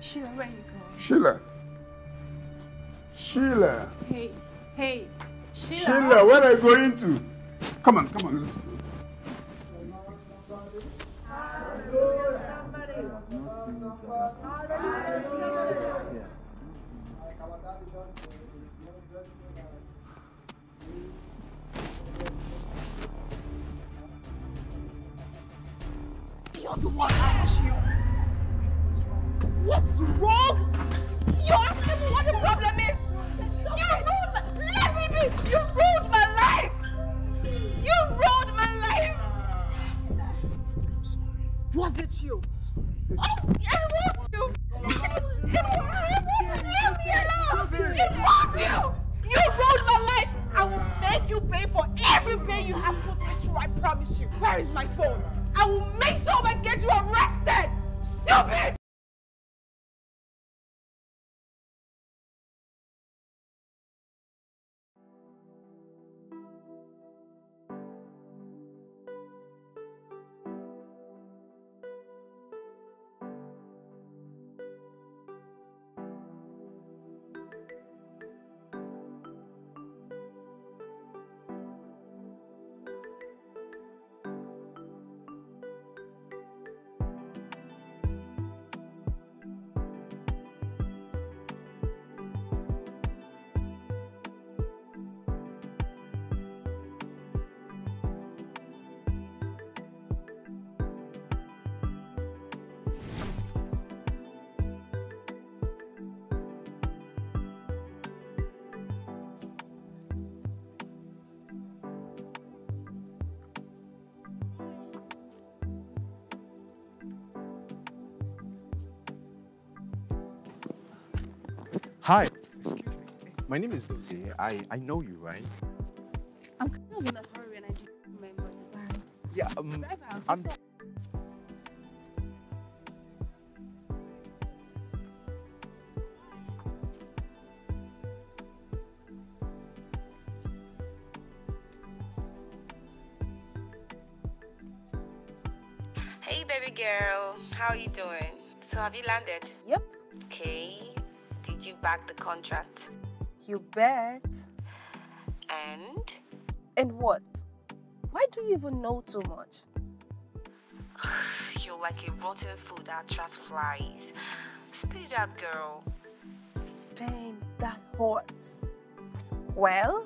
Sheila, where are you going? Sheila. Sheila. Hey, hey. Sheila. Sheila, where are you going to? Come on, come on, let's go. Hallelujah. Somebody. Hallelujah. Hallelujah. What's wrong? You are asking me what the problem is. You ruined my, let me be. You ruined my life. You ruined my life. Was it you? Oh, it was you. It, it was you. Leave me alone. It was you. You ruined my life. I will make you pay for every pain you have put me through. I promise you. Where is my phone? I will make sure I get you arrested. Stupid. My name is Jose. I, I know you, right? I'm kind of in a hurry and I need remember you. Right? Yeah, um, I'm... Hey baby girl, how are you doing? So have you landed? Yep. Okay. Did you back the contract? You bet. And? And what? Why do you even know too much? You're like a rotten food that attracts flies. Spit it out, girl. Damn, that hurts. Well,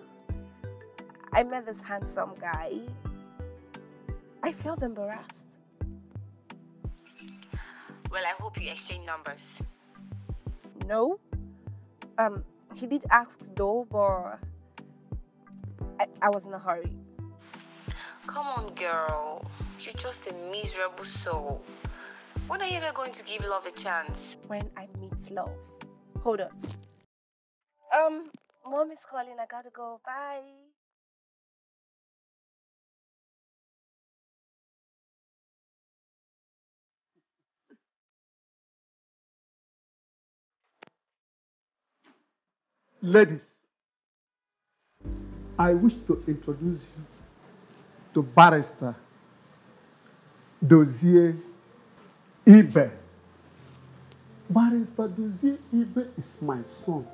I met this handsome guy. I felt embarrassed. Well, I hope you exchange numbers. No. Um, he did ask though, but I, I was in a hurry. Come on, girl. You're just a miserable soul. When are you ever going to give love a chance? When I meet love. Hold on. Um, mom is calling. I gotta go. Bye. Ladies, I wish to introduce you to Barrister Dozie Ibe. Barrister Dozie Ibe is my son.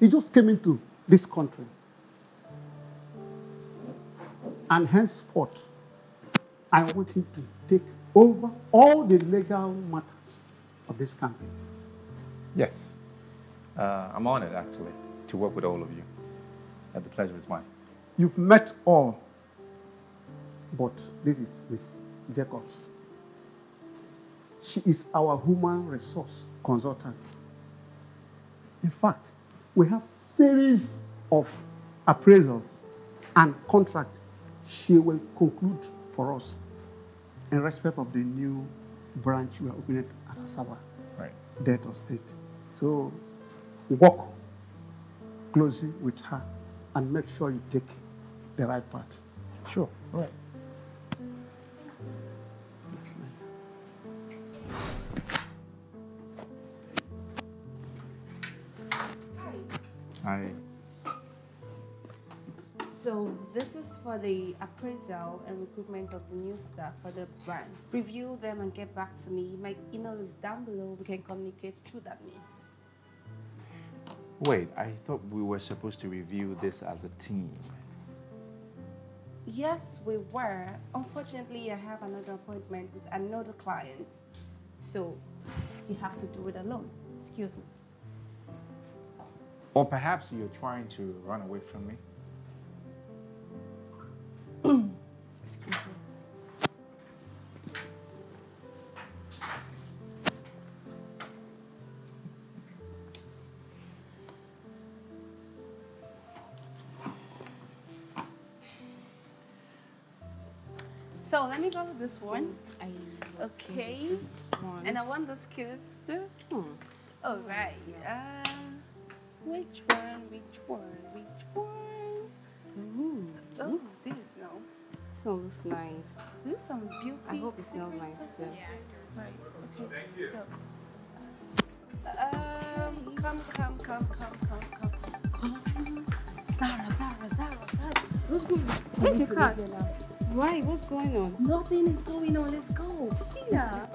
He just came into this country. And henceforth, I want him to take over all the legal matters of this country. Yes. Uh, I'm honored, actually, to work with all of you. Uh, the pleasure is mine. You've met all, but this is Miss Jacobs. She is our human resource consultant. In fact, we have series of appraisals and contract she will conclude for us in respect of the new branch we are opening at Asaba, right. Delta State. So Walk closely with her and make sure you take the right path. Sure, All right. Hi. So this is for the appraisal and recruitment of the new staff for the brand. Review them and get back to me. My email is down below. We can communicate through that means. Wait, I thought we were supposed to review this as a team. Yes, we were. Unfortunately, I have another appointment with another client. So you have to do it alone. Excuse me. Or perhaps you're trying to run away from me. Excuse me. So let me go with this one. okay. And I want this kiss too. Hmm. All right. Uh, which one? Which one? Which one? Oh, this no. This one looks nice. This is some beauty. I hope it smells nice too. Yeah. Right. Okay. Thank you. So, um, come, come, come, come, come, come. Come. Sarah, Sarah, Sarah, Sarah. Let's go. Where's your card? Why? What's going on? Nothing is going on. Let's go. Christina.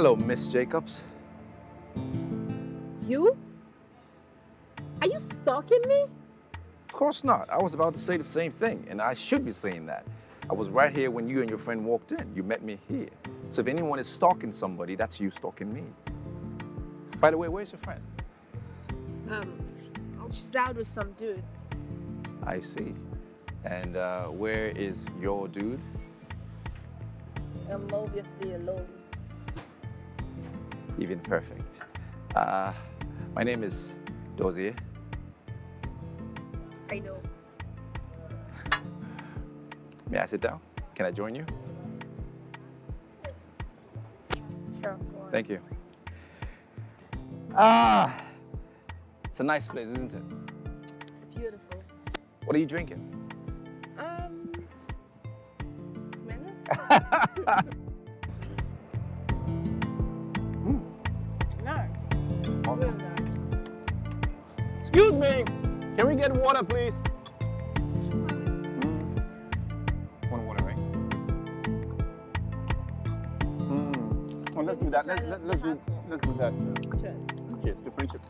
Hello, Miss Jacobs. You? Are you stalking me? Of course not. I was about to say the same thing, and I should be saying that. I was right here when you and your friend walked in. You met me here. So if anyone is stalking somebody, that's you stalking me. By the way, where's your friend? Um, she's out with some dude. I see. And uh, where is your dude? I'm obviously alone even perfect. Uh, my name is Dozier. I know. May I sit down? Can I join you? Sure. Thank you. Ah, it's a nice place, isn't it? It's beautiful. What are you drinking? Um, Smyrna. get water, please? One mm. water, right? Mm. let's do that. Let's, let's, do, let's do that. Uh, Cheers. Cheers to friendship.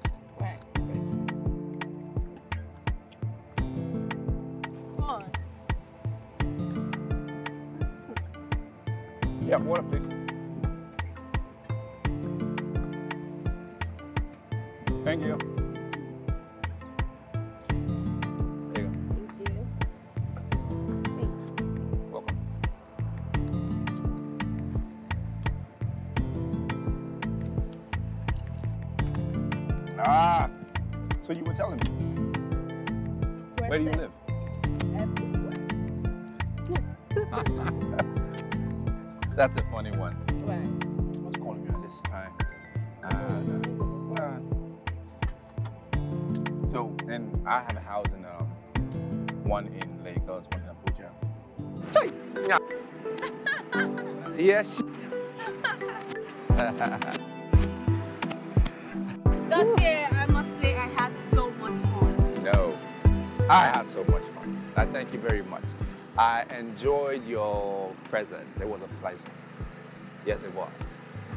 enjoyed your presence. It was a pleasure. Yes, it was.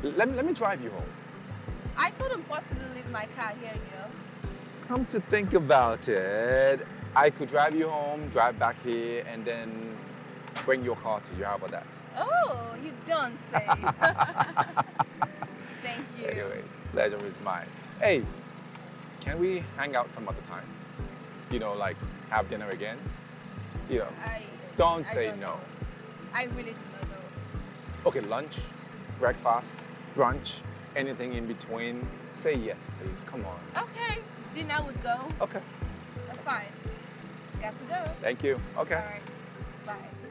Let me, let me drive you home. I couldn't possibly leave my car here, you know. Come to think about it, I could drive you home, drive back here, and then bring your car to you. How about that? Oh, you don't say. Thank you. Anyway, legend is mine. Hey, can we hang out some other time? You know, like have dinner again? You know. I don't say don't no. Know. I really do not know. Okay, lunch, breakfast, brunch, anything in between. Say yes, please. Come on. Okay. Dinner would go. Okay. That's fine. Got to go. Thank you. Okay. All right. Bye.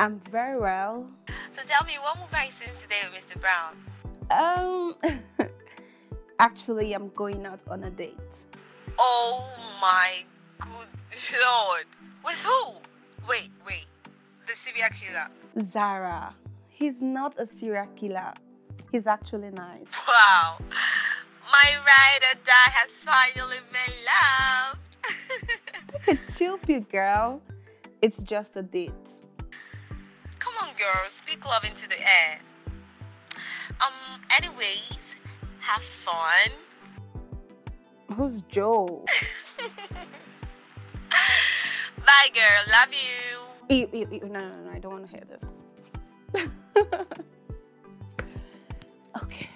I'm very well. So tell me, what movie are you seeing today with Mr. Brown? Um, actually, I'm going out on a date. Oh my good lord! With who? Wait, wait, the serial killer. Zara. He's not a serial killer. He's actually nice. Wow, my ride or die has finally been loved. Take a chill pill, girl. It's just a date girl. Speak love into the air. Um, anyways, have fun. Who's Joe? Bye, girl. Love you. Ew, ew, ew. No, no, no. I don't want to hear this. okay.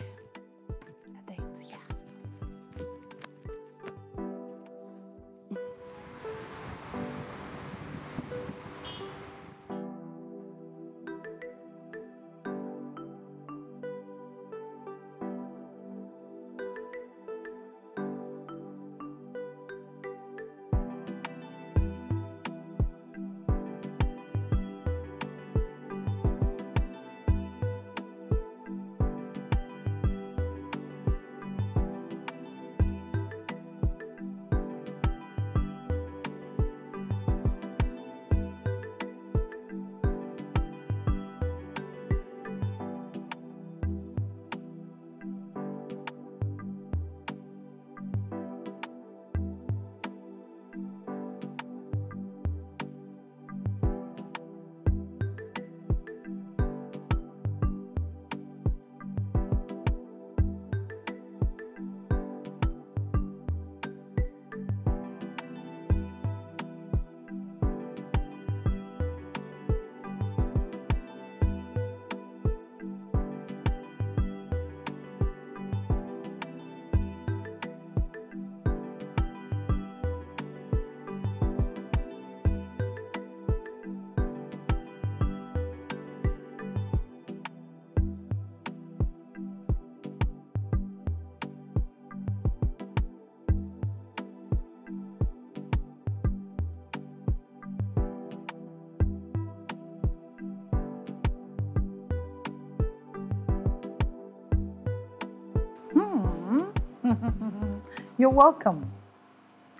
You're welcome.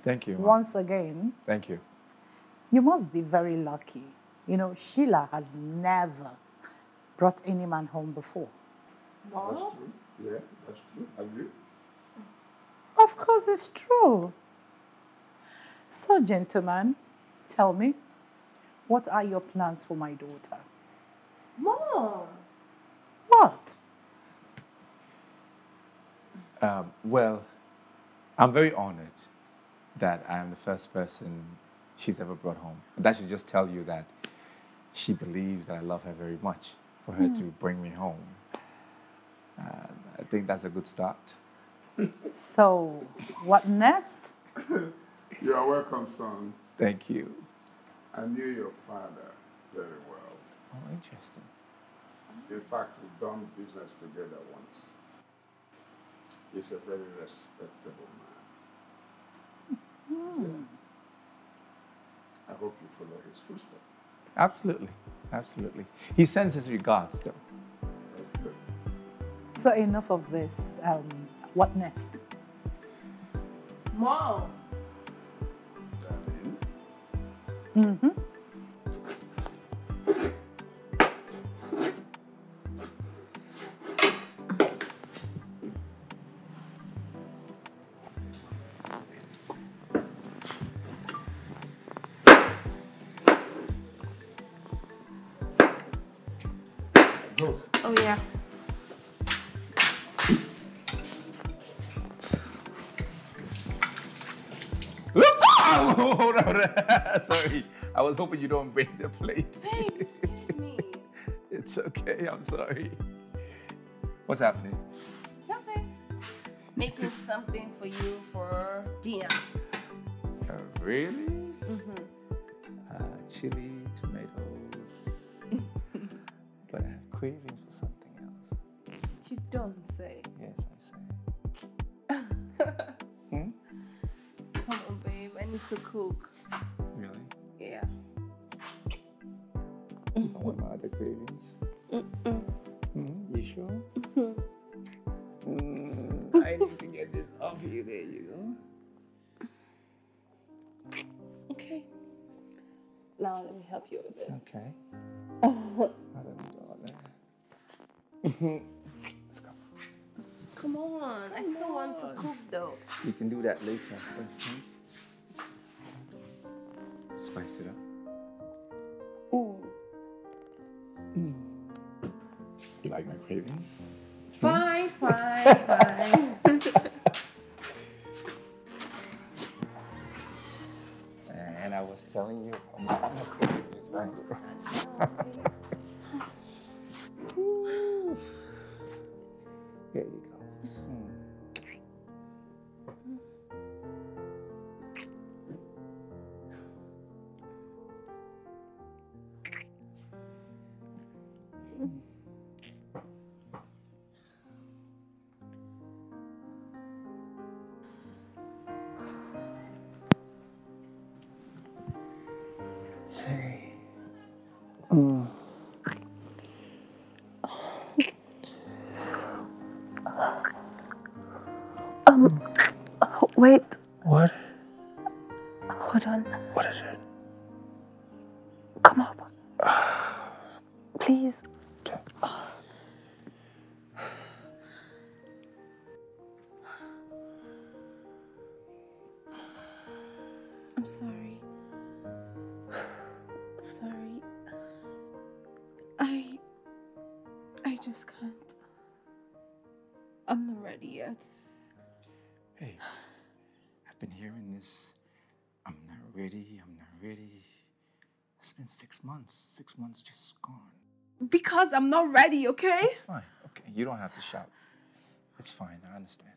Thank you. Once again. Thank you. You must be very lucky. You know, Sheila has never brought any man home before. Well, That's true. Yeah, that's true. you? Of course, it's true. So, gentlemen, tell me, what are your plans for my daughter? Mom! What? Um, well, I'm very honored that I am the first person she's ever brought home. And that should just tell you that she believes that I love her very much for her mm. to hmm. bring me home. Uh, I think that's a good start. So, what next? you are welcome, son. Thank you. I knew your father very well. Oh, interesting. In fact, we've done business together once. He's a very respectable man. Hmm. Yeah. I hope you follow his footsteps. Absolutely. Absolutely. He sends his regards, though. So enough of this. Um, what next? More. Mm-hmm. I was hoping you don't break the plate. Excuse me. it's okay, I'm sorry. What's happening? Nothing. Making something for you for dinner. Uh, really? Mm-hmm. Uh, chili, tomatoes. but I have cravings for something else. You don't say. Yes, I say. hmm? Come on, babe. I need to cook. later. just can't. I'm not ready yet. Hey, I've been hearing this. I'm not ready, I'm not ready. It's been six months. Six months just gone. Because I'm not ready, okay? It's fine. Okay, you don't have to shout. It's fine, I understand.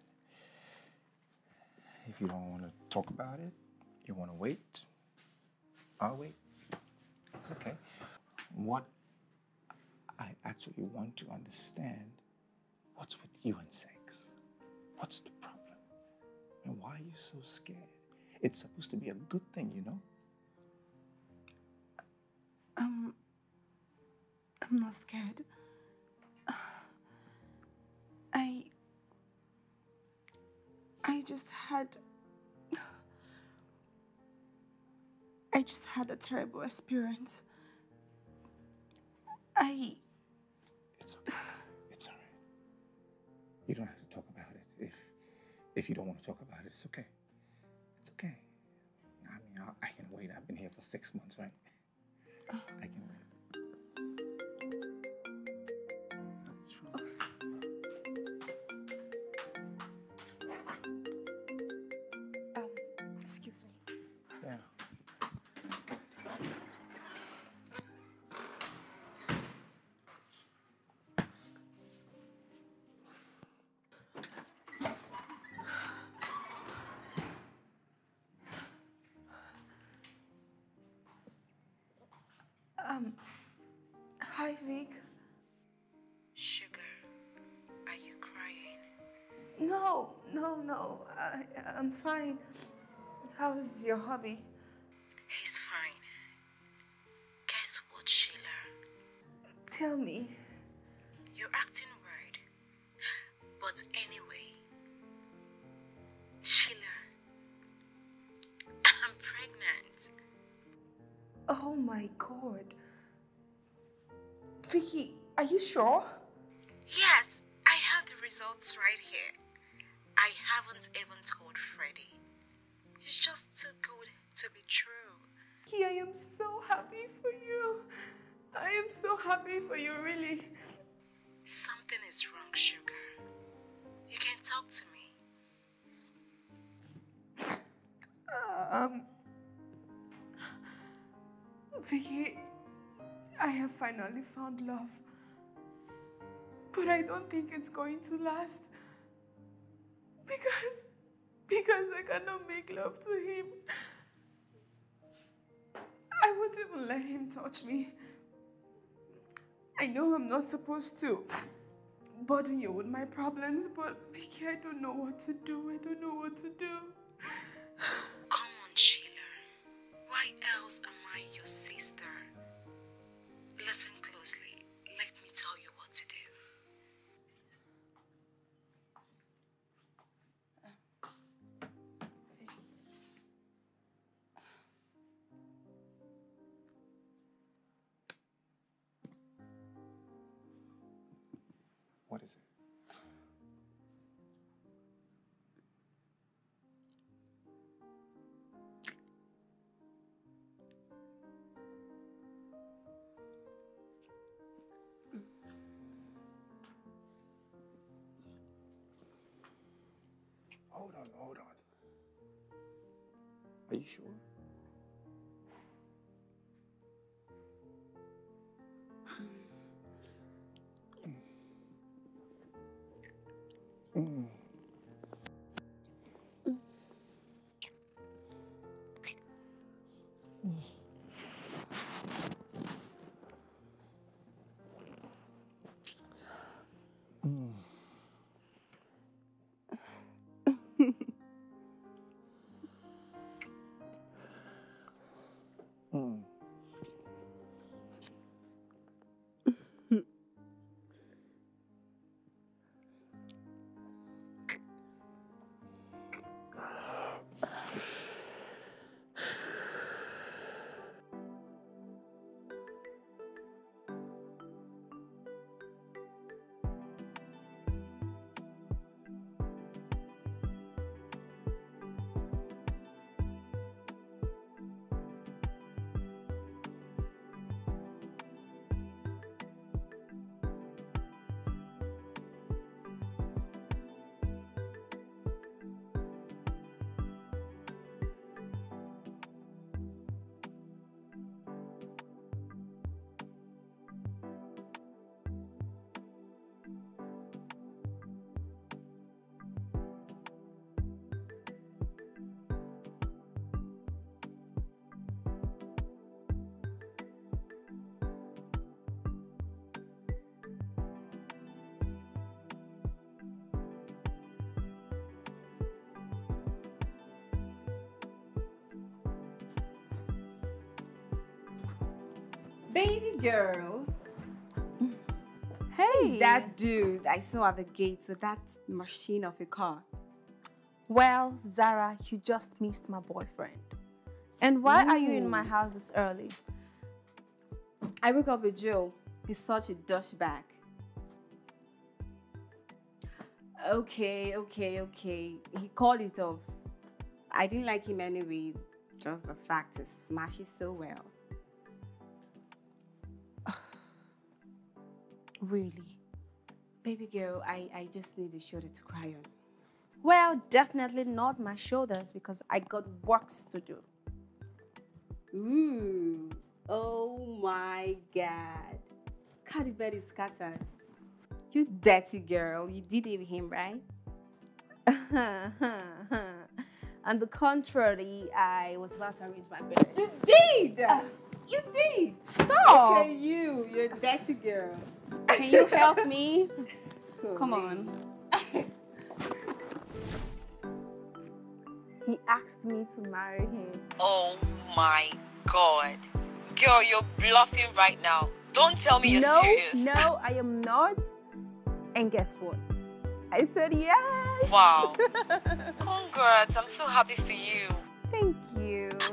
If you don't want to talk about it, you want to wait, I'll wait. It's okay. What I actually want to understand what's with you and sex. What's the problem? And why are you so scared? It's supposed to be a good thing, you know? Um, I'm not scared. I. I just had. I just had a terrible experience. I it's okay. It's all right. You don't have to talk about it. If if you don't want to talk about it, it's okay. It's okay. I mean, I, I can wait. I've been here for six months, right? Oh. I can wait. I'm fine. How's your hobby? He's fine. Guess what, Sheila? Tell me. You're acting weird. But anyway, Sheila, I'm pregnant. Oh my god. Vicky, are you sure? even told Freddie. He's just too good to be true. Key, I am so happy for you. I am so happy for you, really. Something is wrong, Sugar. You can talk to me. Uh, um... Vicky, I have finally found love. But I don't think it's going to last. Because, because I cannot make love to him. I won't even let him touch me. I know I'm not supposed to burden you with my problems, but Vicky, I don't know what to do. I don't know what to do. Come on, Sheila. Why else am I your sister? Listen closely. Hold on, hold on. Are you sure? um Baby girl. Hey. that dude I saw at the gates with that machine of a car. Well, Zara, you just missed my boyfriend. And why Ooh. are you in my house this early? I woke up with Joe. He's such a douchebag. Okay, okay, okay. He called it off. I didn't like him anyways. Just the fact he smashes so well. really. Baby girl, I, I just need a shoulder to cry on. Well, definitely not my shoulders because I got works to do. Ooh, oh my God. Cardi bed is scattered. You dirty girl, you did it with him, right? On the contrary, I was about to arrange my bed. You did! Ah. You think? Stop. Okay, you. You're girl. Can you help me? Come on. he asked me to marry him. Oh my god. Girl, you're bluffing right now. Don't tell me you're no, serious. No, I am not. And guess what? I said yes. Wow. Congrats. I'm so happy for you. Thank you.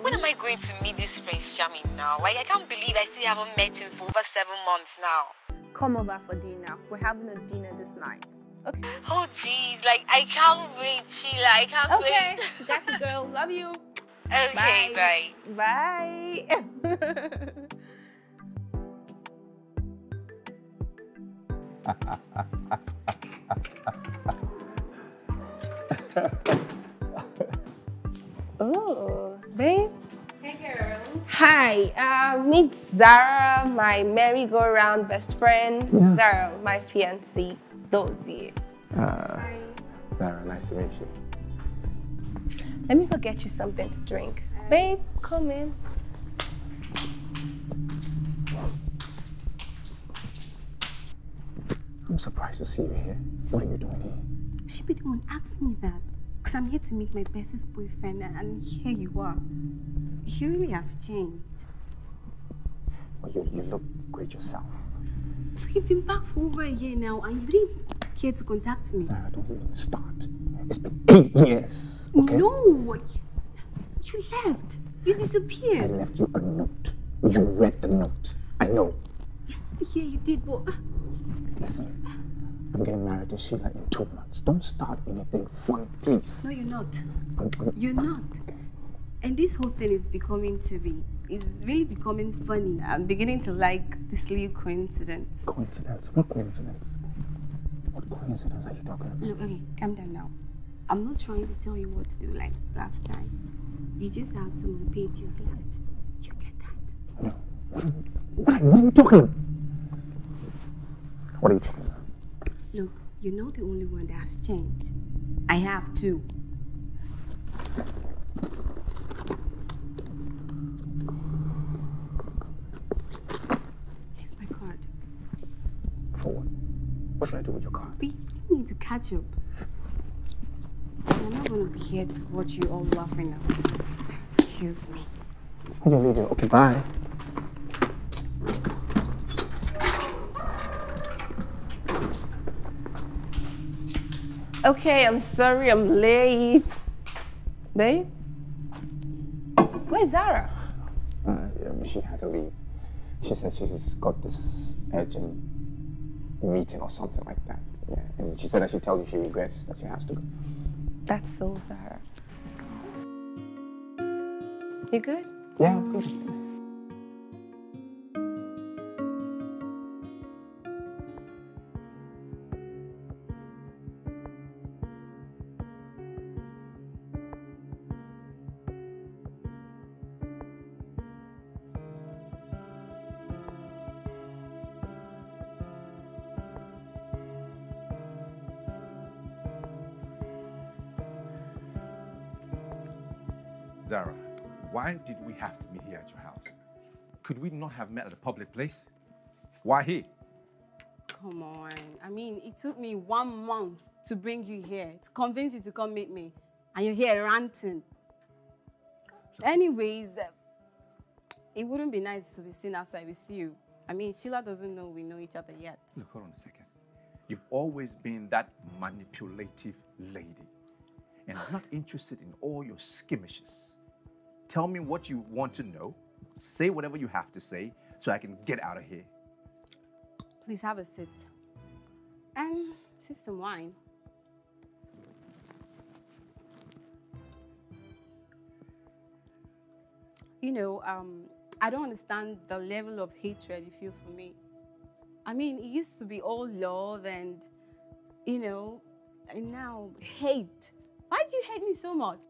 When am I going to meet this Prince Charming now? Like, I can't believe I still haven't met him for over seven months now. Come over for dinner. We're having a dinner this night. Okay. Oh, jeez. Like, I can't wait, Sheila. I can't okay. wait. Okay. That's a girl. Love you. Okay, bye. Bye. bye. oh babe. Hey, girl. Hi, uh, meet Zara, my merry-go-round best friend. Yeah. Zara, my fiancée, Dozie. Uh, Hi. Zara, nice to meet you. Let me go get you something to drink. Uh, babe, come in. I'm surprised to see you here. What are you doing here? She be the one me that. Because I'm here to meet my bestest boyfriend, and here you are. You really have changed. Well, you, you look great yourself. So you've been back for over a year now, and you didn't care to contact me. Sarah, don't even start. It's been eight years. Okay? No, you left. You disappeared. I left you a note. You read the note. I know. Yeah, you did, but. Uh, Listen. I'm getting married to Sheila in two months. Don't start anything fun, please. No, you're not. you're not. And this whole thing is becoming to be, is really becoming funny. I'm beginning to like this little coincidence. Coincidence? What coincidence? What coincidence are you talking about? Look, okay, calm down now. I'm not trying to tell you what to do like last time. You just have some pages left. You get that? No. What, what are you talking about? What are you talking about? Look, you're not the only one that has changed. I have too. Here's my card. For what? What should I do with your card? We need to catch up. I'm not gonna be here to watch you all laughing now. Excuse me. you leave leaving. Okay, bye. Okay, I'm sorry, I'm late. Babe? Where's Zara? Uh, um, she had to leave. She said she's got this urgent meeting or something like that. Yeah, and she said that she tells you she regrets that she has to go. That's so Zara. You good? Yeah, I'm good. Why did we have to meet here at your house? Could we not have met at a public place? Why here? Come on. I mean, it took me one month to bring you here, to convince you to come meet me. And you're here ranting. Anyways, uh, it wouldn't be nice to be seen outside with you. I mean, Sheila doesn't know we know each other yet. Look, hold on a second. You've always been that manipulative lady. And I'm not interested in all your skirmishes. Tell me what you want to know. Say whatever you have to say so I can get out of here. Please have a seat and sip some wine. You know, um, I don't understand the level of hatred you feel for me. I mean, it used to be all love and, you know, and now hate. Why do you hate me so much?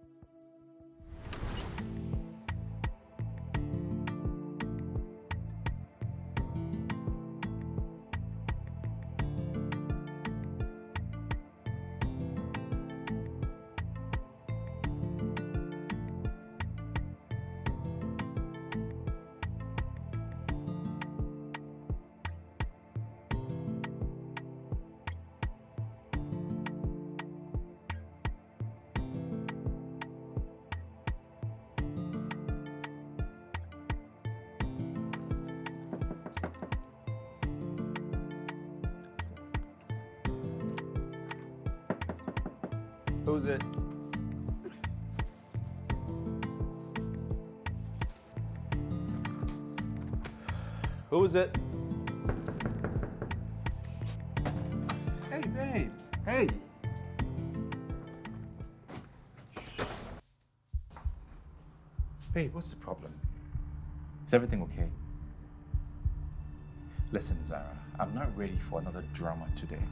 close it. Hey, babe. Hey. Babe, what's the problem? Is everything okay? Listen, Zara, I'm not ready for another drama today.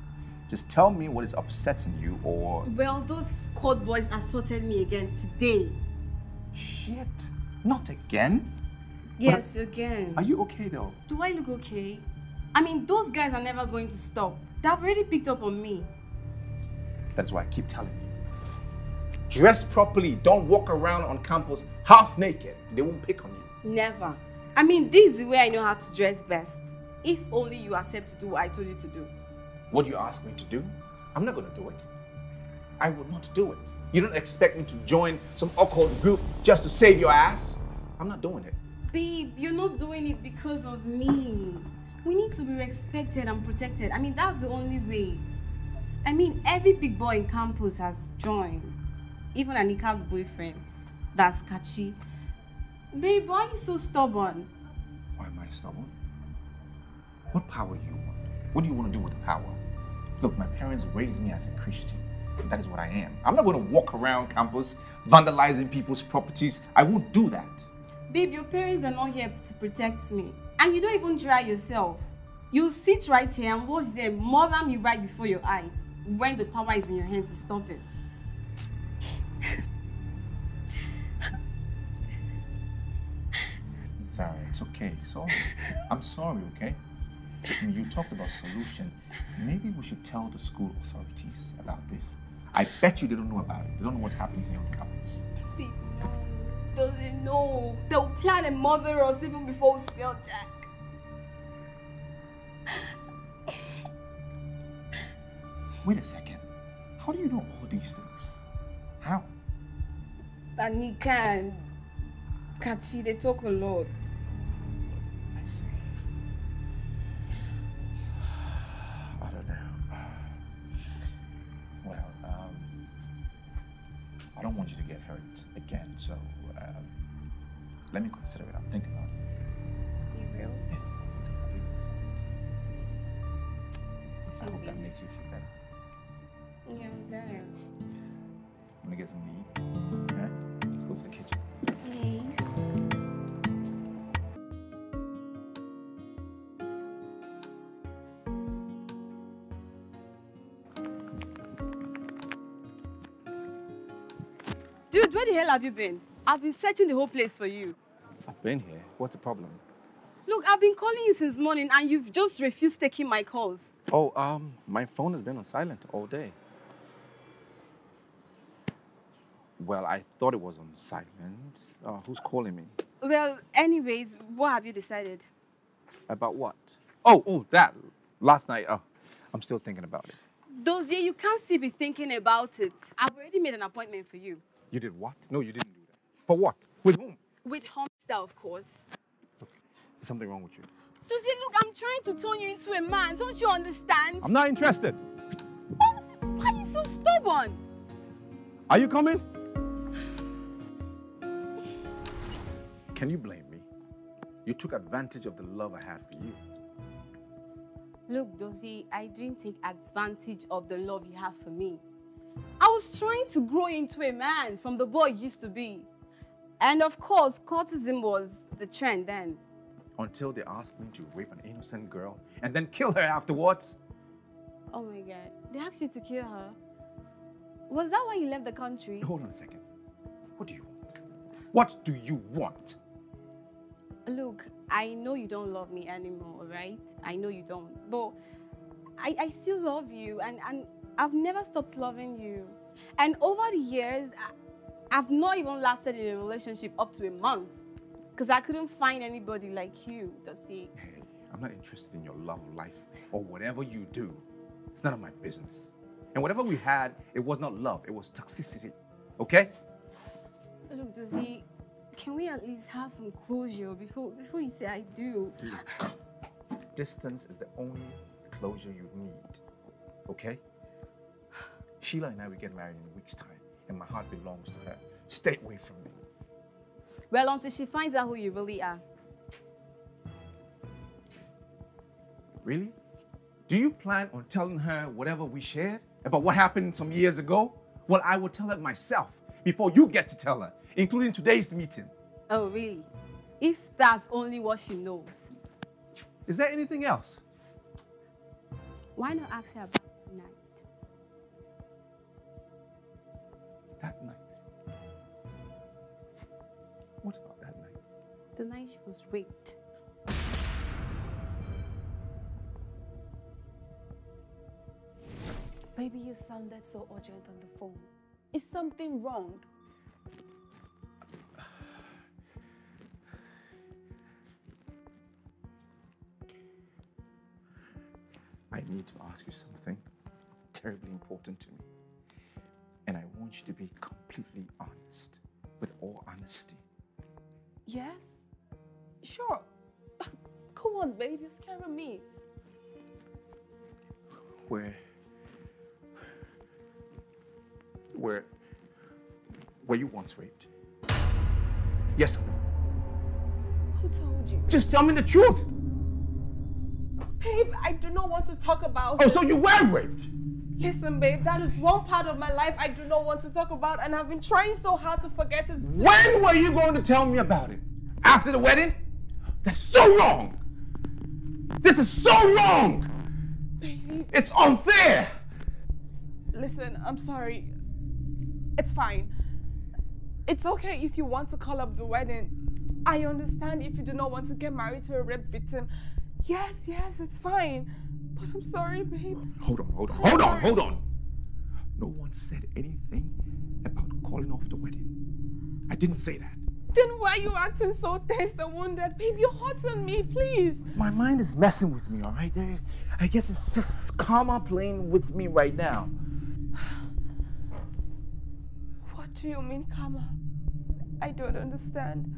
Just tell me what is upsetting you or... Well, those court boys assaulted me again today. Shit. Not again? Yes, I, again. Are you okay now? Do I look okay? I mean, those guys are never going to stop. They've already picked up on me. That's why I keep telling you. Dress properly. Don't walk around on campus half naked. They won't pick on you. Never. I mean, this is the way I know how to dress best. If only you accept to do what I told you to do. What you ask me to do, I'm not going to do it. I will not do it. You don't expect me to join some occult group just to save your ass? I'm not doing it. Babe, you're not doing it because of me. We need to be respected and protected. I mean, that's the only way. I mean, every big boy in campus has joined. Even Anika's boyfriend, that's catchy. Babe, why are you so stubborn? Why am I stubborn? What power do you want? What do you want to do with the power? Look, my parents raised me as a Christian. That is what I am. I'm not going to walk around campus vandalizing people's properties. I won't do that. Babe, your parents are not here to protect me. And you don't even try yourself. You sit right here and watch them murder me right before your eyes when the power is in your hands to stop it. Sorry, it's okay. So I'm sorry, okay? mean, you talked about solution, maybe we should tell the school authorities about this. I bet you they don't know about it. They don't know what's happening here on campus doesn't know. They'll plan and murder us even before we spell Jack. Wait a second. How do you know all these things? How? Anika and Kachi, they talk a lot. don't want you to get hurt again. So uh, let me consider it. I'm thinking about it. You will? Yeah, I think i it a I hope that makes you feel better. Yeah, I'm better. I'm gonna get some to eat. Let's go to the kitchen. where the hell have you been? I've been searching the whole place for you. I've been here. What's the problem? Look, I've been calling you since morning and you've just refused taking my calls. Oh, um, my phone has been on silent all day. Well, I thought it was on silent. Uh, who's calling me? Well, anyways, what have you decided? About what? Oh, oh, that. Last night. Oh, I'm still thinking about it. Dozier, you can't still be thinking about it. I've already made an appointment for you. You did what? No, you didn't do that. For what? With whom? With Homestar, of course. Look, there's something wrong with you. Josie, look, I'm trying to turn you into a man. Don't you understand? I'm not interested. why are you so stubborn? Are you coming? Can you blame me? You took advantage of the love I had for you. Look, Dozie, I didn't take advantage of the love you have for me. I was trying to grow into a man from the boy used to be. And of course, courtism was the trend then. Until they asked me to rape an innocent girl and then kill her afterwards. Oh my god, they asked you to kill her? Was that why you left the country? Hold on a second. What do you want? What do you want? Look, I know you don't love me anymore, right? I know you don't. But I, I still love you and, and I've never stopped loving you. And over the years, I've not even lasted in a relationship up to a month because I couldn't find anybody like you, Dossie. Hey, I'm not interested in your love life or whatever you do. It's none of my business. And whatever we had, it was not love, it was toxicity. Okay? Look, Dossie, can we at least have some closure before, before you say I do? Distance is the only closure you need. Okay? Sheila and I will get married in a week's time, and my heart belongs to her. Stay away from me. Well, until she finds out who you really are. Really? Do you plan on telling her whatever we shared about what happened some years ago? Well, I will tell her myself before you get to tell her, including today's meeting. Oh, really? If that's only what she knows. Is there anything else? Why not ask her about That night. What about that night? The night she was raped. Baby, you sounded so urgent on the phone. Is something wrong? I need to ask you something terribly important to me want you to be completely honest, with all honesty. Yes? Sure. Come on, babe, you're scaring me. Where? Where? Were you once raped? Yes or no? Who told you? Just tell me the truth! Babe, I do not want to talk about Oh, this. so you were raped? Listen, babe, that is one part of my life I do not want to talk about, and I've been trying so hard to forget it. When were you going to tell me about it? After the wedding? That's so wrong! This is so wrong! Baby. It's unfair! Listen, I'm sorry. It's fine. It's okay if you want to call up the wedding. I understand if you do not want to get married to a rape victim. Yes, yes, it's fine. But I'm sorry, babe. Hold on, hold on, I'm hold sorry. on, hold on. No one said anything about calling off the wedding. I didn't say that. Then why are you acting so tense and wounded? Babe, you're hurting me, please. My mind is messing with me, all right? I guess it's just karma playing with me right now. What do you mean, karma? I don't understand.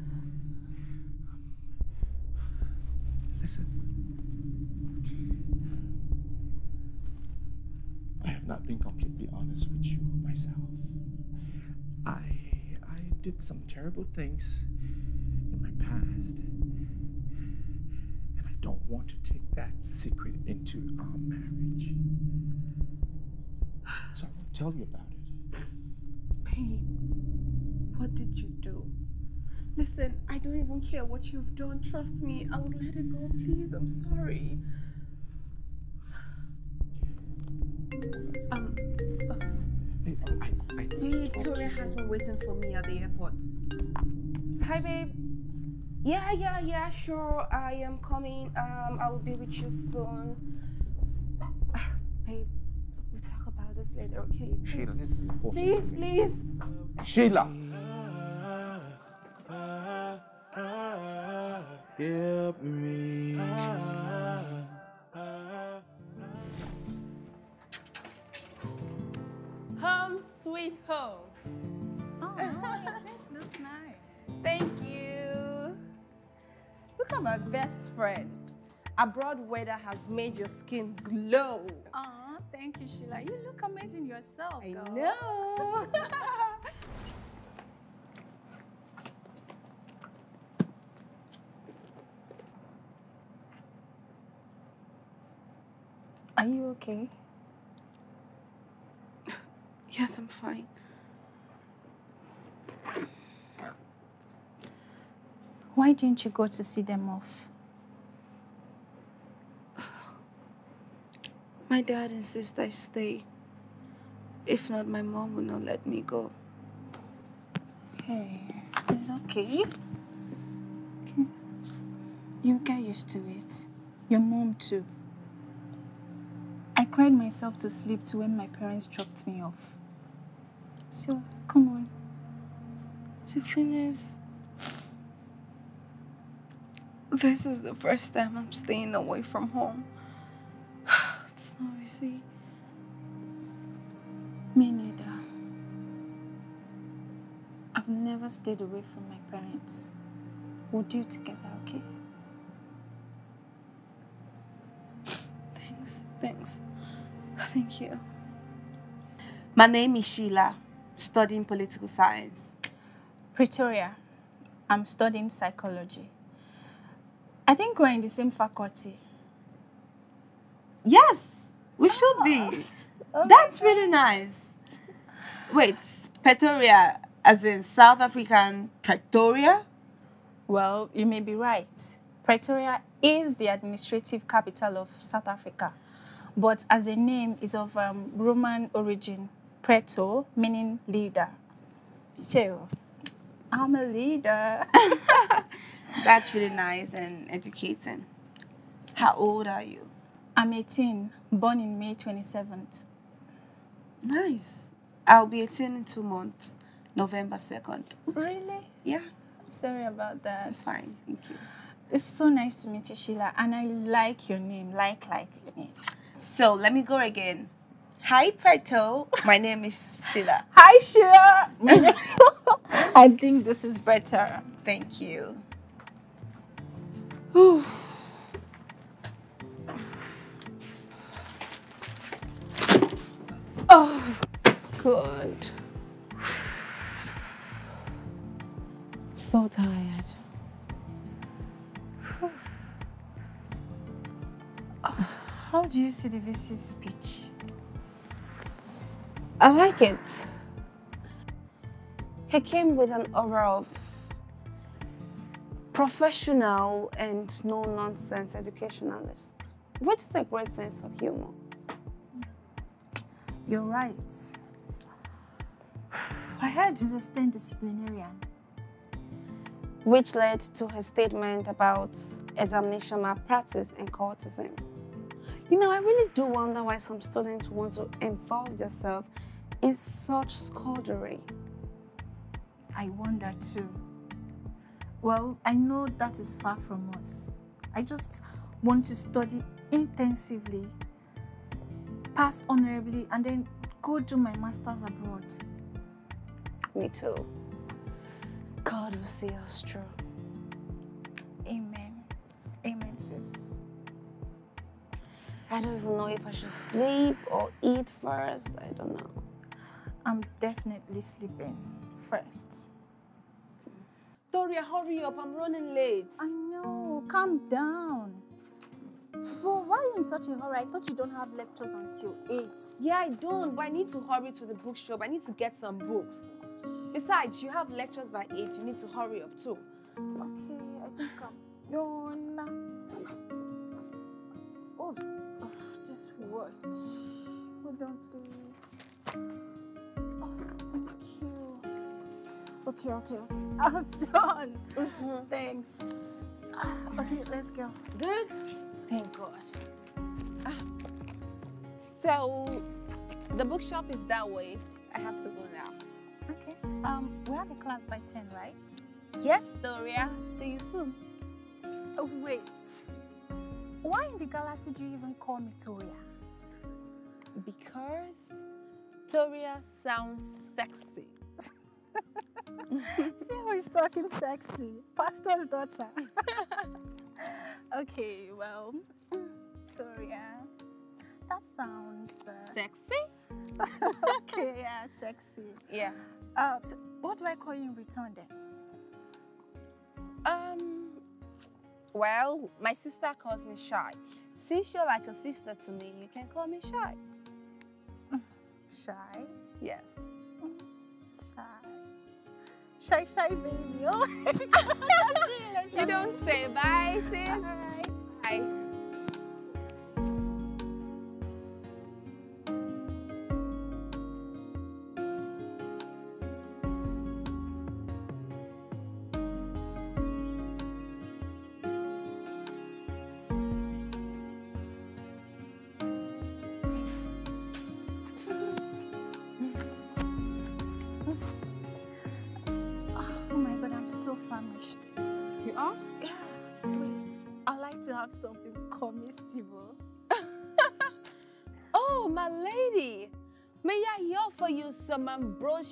Listen, I have not been completely honest with you myself. I I did some terrible things in my past. And I don't want to take that secret into our marriage. So I won't tell you about it. Babe, what did you do? Listen, I don't even care what you've done. Trust me, I will let it go. Please, I'm sorry. Um, uh, Victoria has been waiting for me at the airport. Hi, babe. Yeah, yeah, yeah, sure. I am coming. Um, I will be with you soon. Uh, babe, we'll talk about this later, okay? Please. Sheila, this is important. Please, please. Sheila. Help me. Home Sweet Home. Oh, that looks nice. Thank you. Look at my best friend. A broad weather has made your skin glow. Aw, thank you, Sheila. You look amazing yourself. I girl. know. Are you okay? Yes, I'm fine. Why didn't you go to see them off? My dad insists I stay. If not, my mom will not let me go. Hey, it's okay. Okay. You get used to it. Your mom too. I cried myself to sleep to when my parents dropped me off. So, come on. The thing is, this is the first time I'm staying away from home. It's not easy. Me neither. I've never stayed away from my parents. We'll do it together, okay? Thanks, thanks. Thank you. My name is Sheila studying political science? Pretoria. I'm studying psychology. I think we're in the same faculty. Yes, we oh, should be. Oh That's really nice. Wait, Pretoria, as in South African Pretoria? Well, you may be right. Pretoria is the administrative capital of South Africa, but as a name is of um, Roman origin preto, meaning leader. So, I'm a leader. That's really nice and educating. How old are you? I'm 18, born in May 27th. Nice. I'll be 18 in two months, November 2nd. Oops. Really? Yeah. Sorry about that. It's fine. Thank you. It's so nice to meet you, Sheila, and I like your name. Like, like your name. So let me go again. Hi, Preto. My name is Sheila. Hi, Sheila. I think this is better. Thank you. Oh, good. So tired. How do you see the VC's speech? I like it. He came with an aura of professional and no-nonsense educationalist, which is a great sense of humor. You're right. I heard he's a stern disciplinarian. Which led to his statement about examination malpractice and cultism. You know, I really do wonder why some students want to involve themselves it's such scoldery? I wonder too. Well, I know that is far from us. I just want to study intensively, pass honorably, and then go do my master's abroad. Me too. God will see us through. Amen. Amen, sis. I don't even know if I should sleep or eat first. I don't know. I'm definitely sleeping first. Doria, hurry up. I'm running late. I know. Calm down. But why are you in such a hurry? I thought you don't have lectures until 8. Yeah, I don't, but I need to hurry to the bookshop. I need to get some books. Besides, you have lectures by 8. You need to hurry up too. Okay, I think I'm done. Oops. Just watch. Hold on, please. Oh, okay, okay, okay. I'm done. Mm -hmm. Thanks. okay, let's go. Good? Thank God. Ah. So, the bookshop is that way. I have to go now. Okay. Um, we have a class by 10, right? Yes, Doria. See you soon. Oh, wait. Why in the galaxy do you even call me Toria? Because Victoria sounds sexy. See how he's talking sexy. Pastor's daughter. okay, well, Victoria, that sounds uh, sexy. okay, yeah, sexy. Yeah. Uh, so what do I call you in return then? Um. Well, my sister calls me shy. Since you're like a sister to me, you can call me shy. Shy? Yes. Shy. Shy, shy baby. Oh you don't say bye, sis. All right. Bye.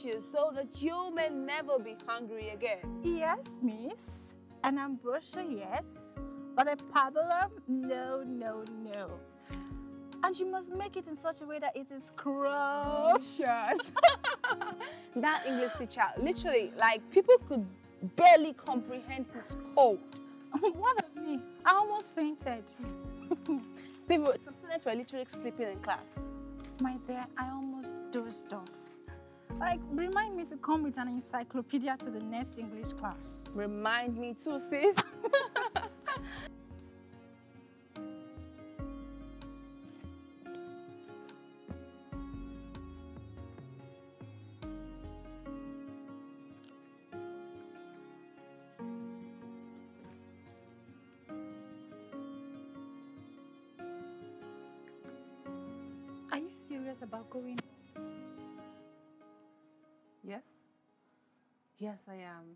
you so that you may never be hungry again. Yes, miss. An ambrosia, yes. But a pabulum, no, no, no. And you must make it in such a way that it is scrumptious. that English teacher, literally, like people could barely comprehend his code. what of me? I almost fainted. people, students were literally sleeping in class. My dear, I almost dozed off. Like, remind me to come with an encyclopedia to the next English class. Remind me too, sis. Are you serious about going Yes? Yes, I am.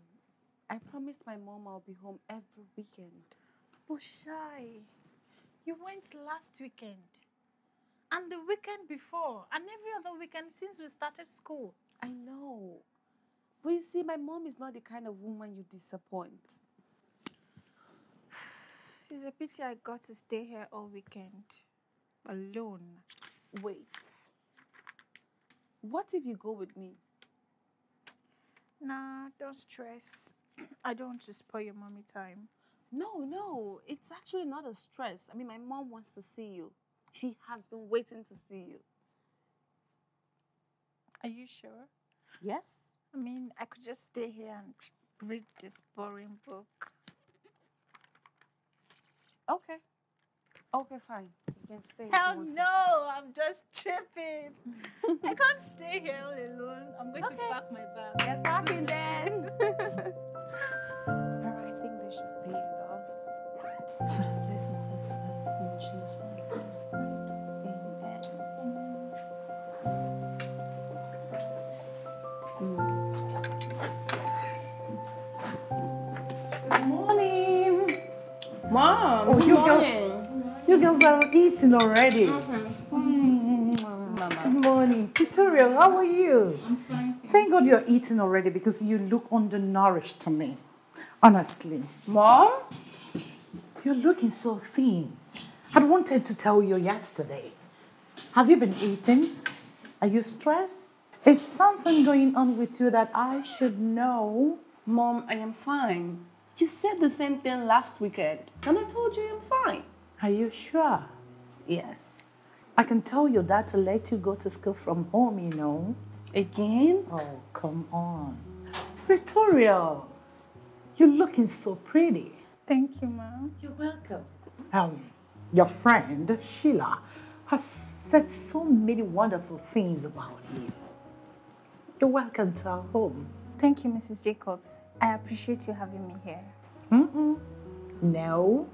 I promised my mom I'll be home every weekend. But shy, you went last weekend. And the weekend before. And every other weekend since we started school. I know. But you see, my mom is not the kind of woman you disappoint. It's a pity I got to stay here all weekend. Alone. Wait. What if you go with me? Nah, don't stress. I don't want to spoil your mommy time. No, no, it's actually not a stress. I mean, my mom wants to see you. She has been waiting to see you. Are you sure? Yes. I mean, I could just stay here and read this boring book. Okay. Okay, fine. You can stay. Hell no, I'm just tripping. I can't stay here all alone. I'm going okay. to pack my bag. Get packing then. Pero I think they should be enough for the lessons that I've been choosing. Mom, oh, good morning. Mom, good morning. You girls are eating already. Mm -hmm. Good morning. Tutorial, how are you? I'm fine. Thank God you're eating already because you look undernourished to me. Honestly. Mom? You're looking so thin. I wanted to tell you yesterday. Have you been eating? Are you stressed? Is something going on with you that I should know? Mom, I am fine. You said the same thing last weekend, and I told you I'm fine. Are you sure? Yes. I can tell your dad to let you go to school from home, you know. Again? Oh, come on. Pretoria, you're looking so pretty. Thank you, Mom. You're welcome. Um, your friend, Sheila, has said so many wonderful things about you. You're welcome to our home. Thank you, Mrs. Jacobs. I appreciate you having me here. Mm-mm. No,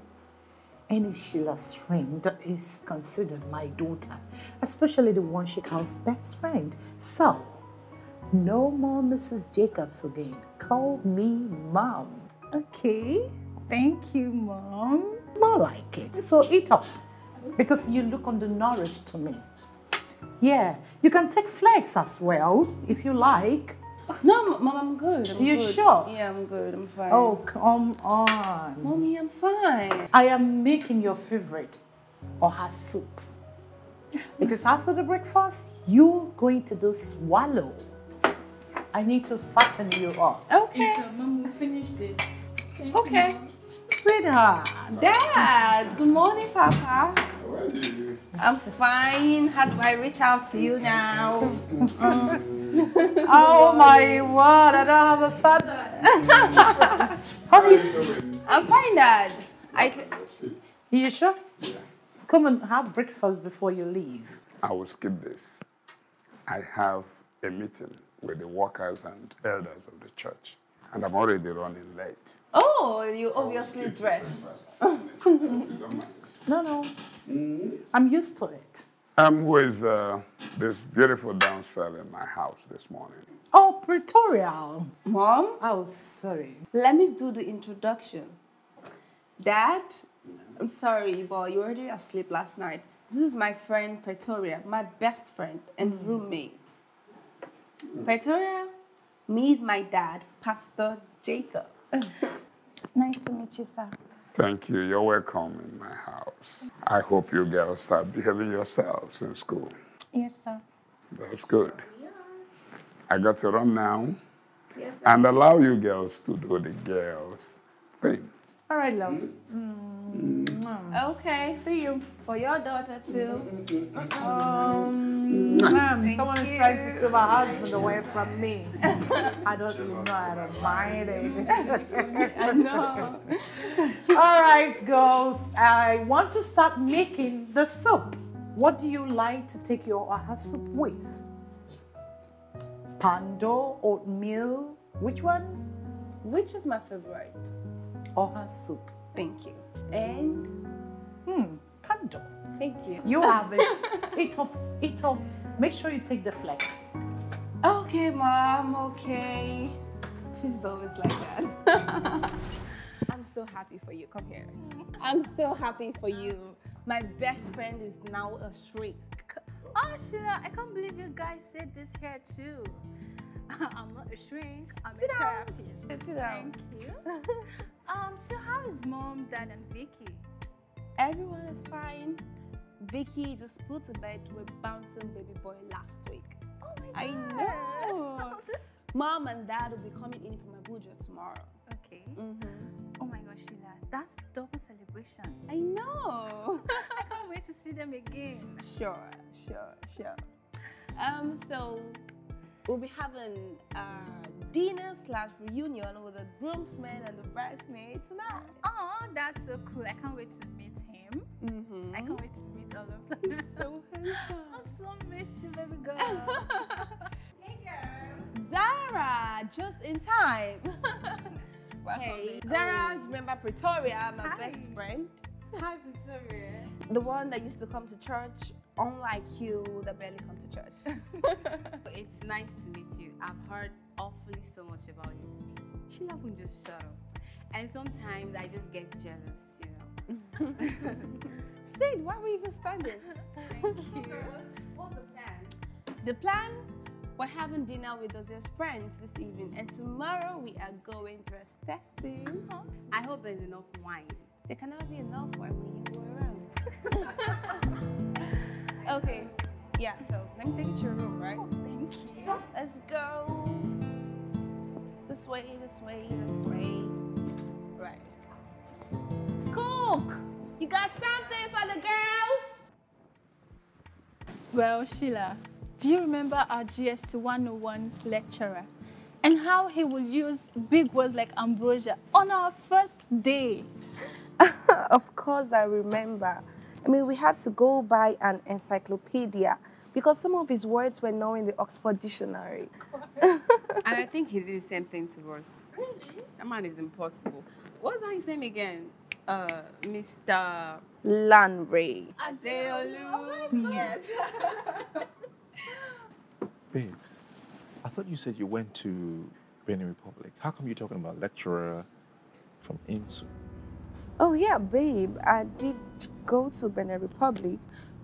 any Sheila's friend is considered my daughter, especially the one she calls best friend. So, no more Mrs. Jacobs again. Call me Mom. Okay, thank you, Mom. More like it. So eat up because you look undernourished to me. Yeah, you can take flakes as well if you like. No, mom, I'm good. I'm you good. sure? Yeah, I'm good. I'm fine. Oh, come on. Mommy, I'm fine. I am making your favorite oha soup. because after the breakfast, you're going to do swallow. I need to fatten you up. Okay. mom, we finish this. okay. Sweetheart. Dad, good morning, Papa. I'm fine. How do I reach out to you now? oh my word, I don't have a father. is I'm fine, Dad. I you sure? Yeah. Come and have breakfast before you leave. I will skip this. I have a meeting with the workers and elders of the church, and I'm already running late. Oh, you obviously dress. no, no. Mm. I'm used to it. I'm with uh, this beautiful damsel in my house this morning. Oh, Pretoria. Mom? Oh, sorry. Let me do the introduction. Dad, I'm sorry, but you were already asleep last night. This is my friend Pretoria, my best friend and mm. roommate. Pretoria, meet my dad, Pastor Jacob. nice to meet you, sir. Thank you. You're welcome in my house. I hope you girls start behaving yourselves in school. Yes, sir. That's good. I got to run now yes, and allow you girls to do the girls thing. All right, love. Hmm? Mm. Mm. Okay, see you for your daughter too. Mm, mm, mm, um, someone you. is trying to steal my husband away from me. I don't even know how to mind it. No. All right, girls. I want to start making the soup. What do you like to take your aha soup with? Pando, oatmeal, which one? Which is my favorite? Oha soup. Thank you. And hmm, Thank you. You have it. it up, it up. Make sure you take the flex. Okay, mom. Okay. She's always like that. I'm so happy for you. Come here. I'm so happy for you. My best friend is now a streak. Oh, Sheila, I can't believe you guys did this here too. I'm not a shrink, I'm Sit a down. therapist. Sit down. Thank you. um, so how is mom, dad and Vicky? Everyone is fine. Vicky just put to bed with bouncing baby boy last week. Oh my god. I know. mom and dad will be coming in from Abuja tomorrow. Okay. Mm -hmm. Oh my gosh, Sheila, that's double celebration. I know. I can't wait to see them again. Sure, sure, sure. Um, so we'll be having a uh, dinner slash reunion with the groomsmen and the bridesmaid tonight. Oh, that's so cool. I can't wait to meet him. Mm -hmm. I can't wait to meet all of them. so I'm so missed you, baby girl. hey, girls. Zara, just in time. hey. Zara, oh. remember Pretoria, my Hi. best friend? Hi, Pretoria. The one that used to come to church unlike you that barely come to church. it's nice to meet you. I've heard awfully so much about you. She won't just shut up. And sometimes I just get jealous, you know. Sid, why are we even standing? Thank you. What's, what's the plan? The plan? We're having dinner with those friends this evening, and tomorrow we are going dress testing. Uh-huh. I hope there's enough wine. There can never be enough wine when you go around. Okay. Yeah, so let me take you to your room, right? Oh, thank you. Let's go. This way, this way, this way. Right. Cook! You got something for the girls? Well, Sheila, do you remember our GST 101 lecturer? And how he would use big words like ambrosia on our first day? of course I remember. I mean, we had to go by an encyclopedia because some of his words were not in the Oxford Dictionary. and I think he did the same thing to us. Really? That man is impossible. What's that his name again? Uh, Mr. Lanray. Adeolu. Oh yes. Babes, I thought you said you went to Benin Republic. How come you're talking about lecturer from INSU? Oh yeah, babe. I did go to Benin Republic,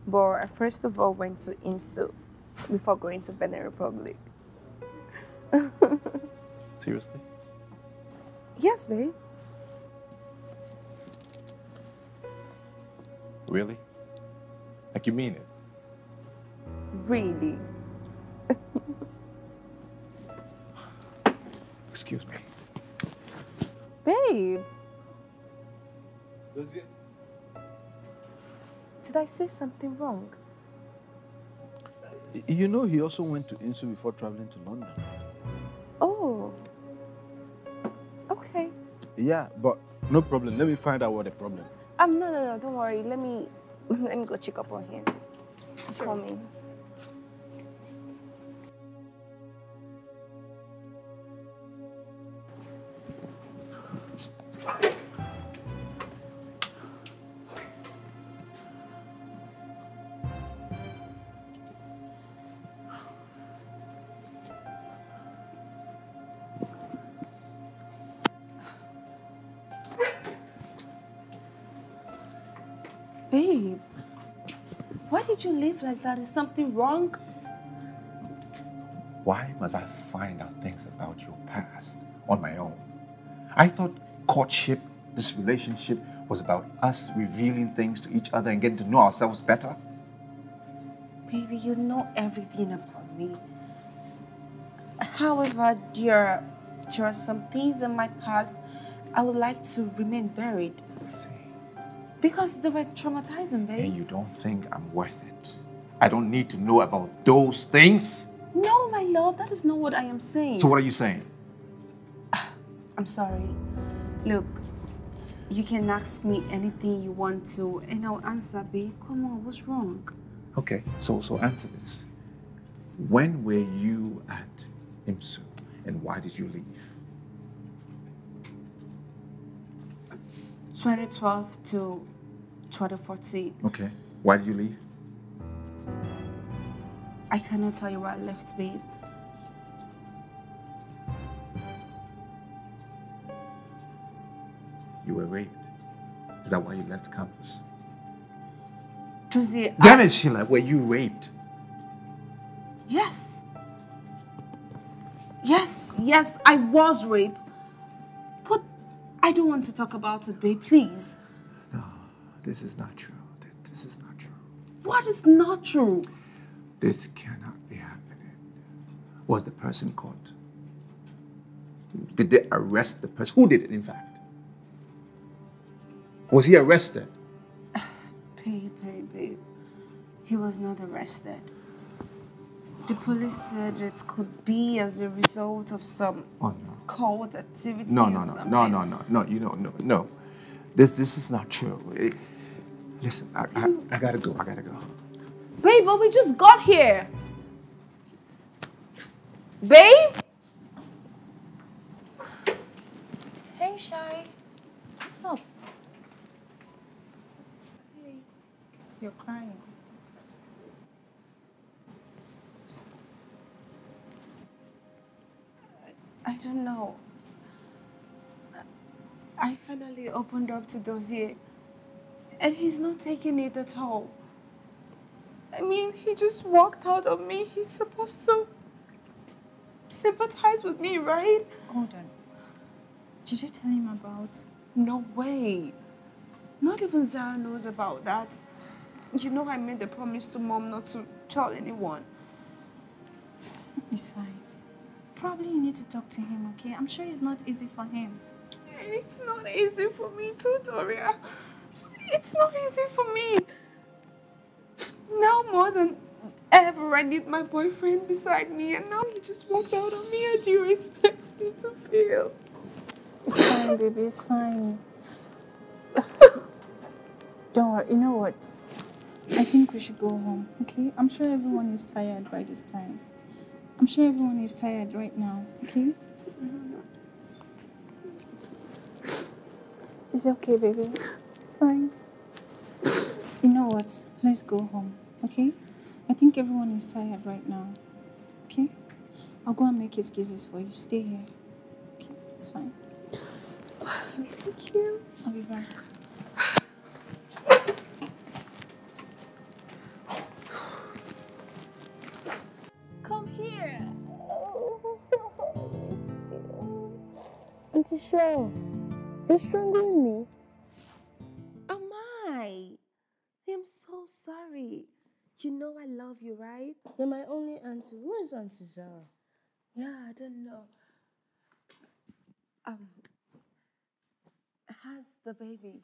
but I first of all went to IMSU before going to Benin Republic. Seriously? Yes, babe. Really? Like you mean it? Really? Excuse me. Babe. Does it? Did I say something wrong? You know, he also went to Insu before traveling to London. Oh. Okay. Yeah, but no problem. Let me find out what the problem. Um, no, no, no. Don't worry. Let me, let me go check up on him. Sure. Call me. behave like that? Is something wrong? Why must I find out things about your past on my own? I thought courtship, this relationship, was about us revealing things to each other and getting to know ourselves better. Baby, you know everything about me. However, dear, there are some things in my past I would like to remain buried. See. Because they were traumatizing, baby. And you don't think I'm worth it? I don't need to know about those things. No, my love, that is not what I am saying. So what are you saying? I'm sorry. Look, you can ask me anything you want to, and I'll answer, babe. Come on, what's wrong? Okay, so so answer this. When were you at IMSU, and why did you leave? 2012 to 2014. Okay. Why did you leave? I cannot tell you where I left, babe. You were raped. Is that why you left campus? Josie, Damn I... it, Sheila, were you raped? Yes. Yes, yes, I was raped. But I don't want to talk about it, babe, please. No, this is not true. What is not true? This cannot be happening. Was the person caught? Did they arrest the person? Who did it, in fact? Was he arrested? babe, babe, babe. He was not arrested. The police said it could be as a result of some oh, no. cold activity. No, no, no, no, no, no, no. You know, no, no. This, this is not true. It, Listen, I, I, I gotta go. I gotta go. Babe, but we just got here. Babe? Hey, Shari. What's up? Hey. You're crying. I don't know. I finally opened up to Dozier and he's not taking it at all. I mean, he just walked out on me. He's supposed to sympathize with me, right? Hold on. Did you tell him about? No way. Not even Zara knows about that. You know I made a promise to mom not to tell anyone. It's fine. Probably you need to talk to him, okay? I'm sure it's not easy for him. And it's not easy for me too, Doria. It's not easy for me. Now more than ever, I need my boyfriend beside me, and now he just walked out on me. How do you expect me to feel? It's fine, baby. It's fine. Don't worry. You know what? I think we should go home, okay? I'm sure everyone is tired by this time. I'm sure everyone is tired right now, okay? It's okay, baby. It's fine. you know what? Let's go home, okay? I think everyone is tired right now, okay? I'll go and make excuses for you. Stay here. Okay, it's fine. Thank you. I'll be back. Auntie you're strangling me. I'm so sorry. You know I love you, right? You're my only auntie. Who is Auntie Zara? Yeah, I don't know. Um, how's the baby?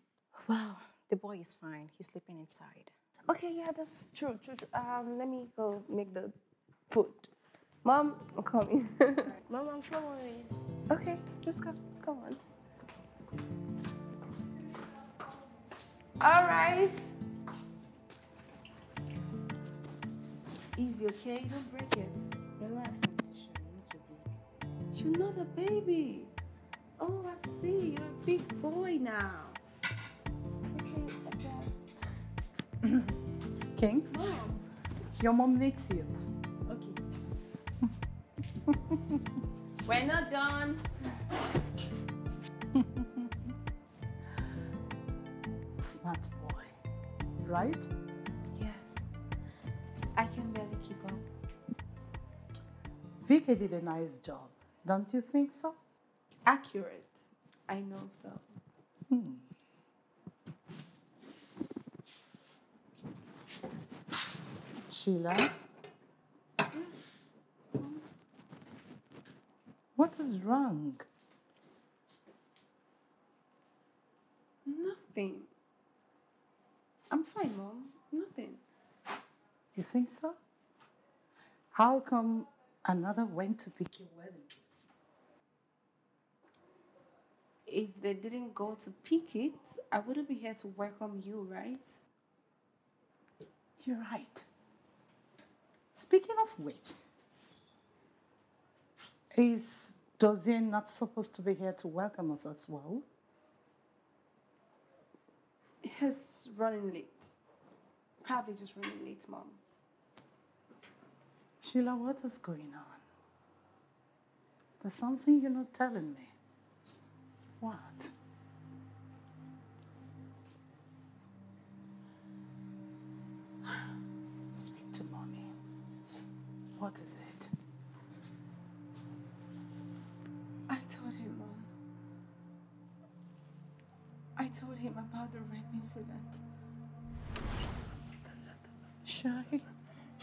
Wow, the boy is fine. He's sleeping inside. Okay, yeah, that's true. True. true. Um, let me go make the food. Mom, I'm coming. Mom, I'm so worried. Okay, let's go. Come on. All right. easy, okay? Don't break it. Relax, Natasha. You're not a baby. Oh, I see. You're a big boy now. Okay, King? Mom. Your mom needs you. Okay. We're not done. Smart boy, right? I can barely keep up. Vicky did a nice job, don't you think so? Accurate. I know so. Hmm. Sheila? Yes. What is wrong? Nothing. I'm fine, Mom. Nothing. You think so? How come another went to pick your wedding dress? If they didn't go to pick it, I wouldn't be here to welcome you, right? You're right. Speaking of which, is Dozier not supposed to be here to welcome us as well? He's running late. Probably just running late, Mom. Sheila, what is going on? There's something you're not telling me. What? Speak to mommy. What is it? I told him, Mom. I told him about the rape incident. Shy.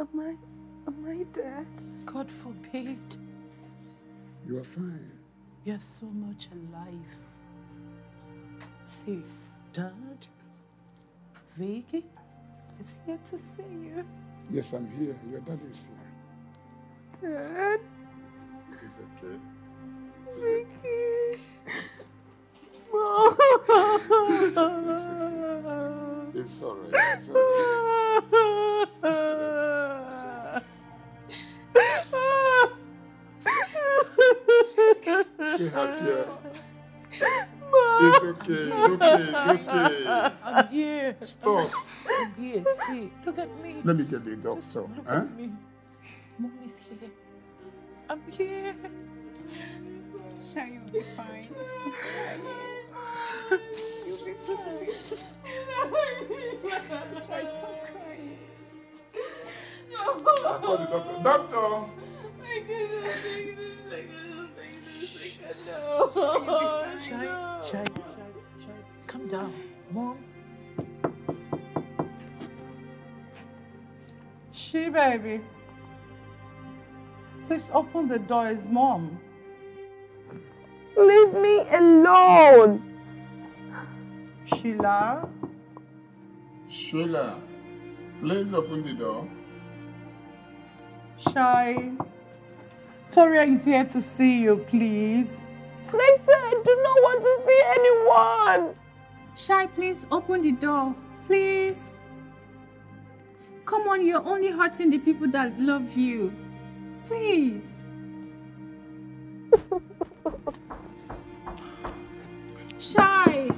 Am I, am I dead? God forbid. You are fine. You're so much alive. See, Dad, Vicky is here to see you. Yes, I'm here. Your dad is here. Dad. It's okay. Vicky. Mom. It's, okay. it's all right. It's can hurt here. It's okay, it's okay, it's okay. I'm here. Stop. I'm here, see. Look at me. Let me get the doctor. Just look huh? at me. Mom is here. I'm here. Shall you be fine. Stop crying. You'll be fine. Sure, stop crying. No. I call the doctor. Doctor! I cannot take this. Chai, Chai, Chai, come down, mom. She baby. Please open the door, it's mom. Leave me alone. Sheila. Sheila, please open the door. Shy. Victoria is here to see you, please. But I said I do not want to see anyone. Shy, please open the door. Please. Come on, you're only hurting the people that love you. Please. Shy.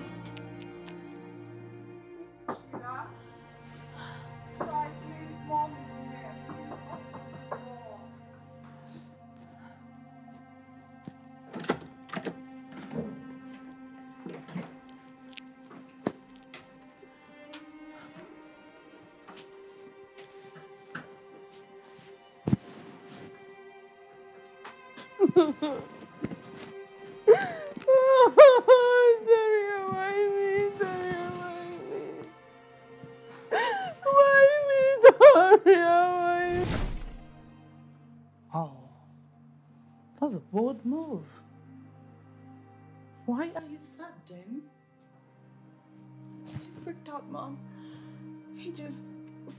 What's He freaked out, Mom. He just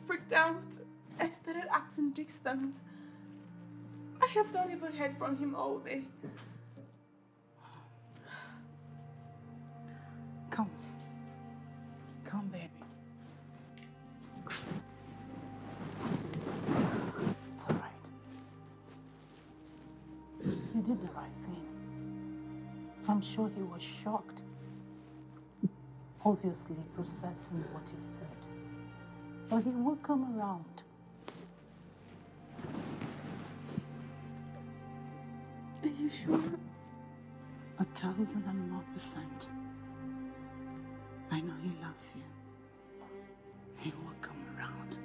freaked out and started acting distant. I have not even heard from him all day. Come. Come, baby. sure he was shocked, obviously processing what he said. But he will come around. Are you sure? A thousand and more percent. I know he loves you. He will come around.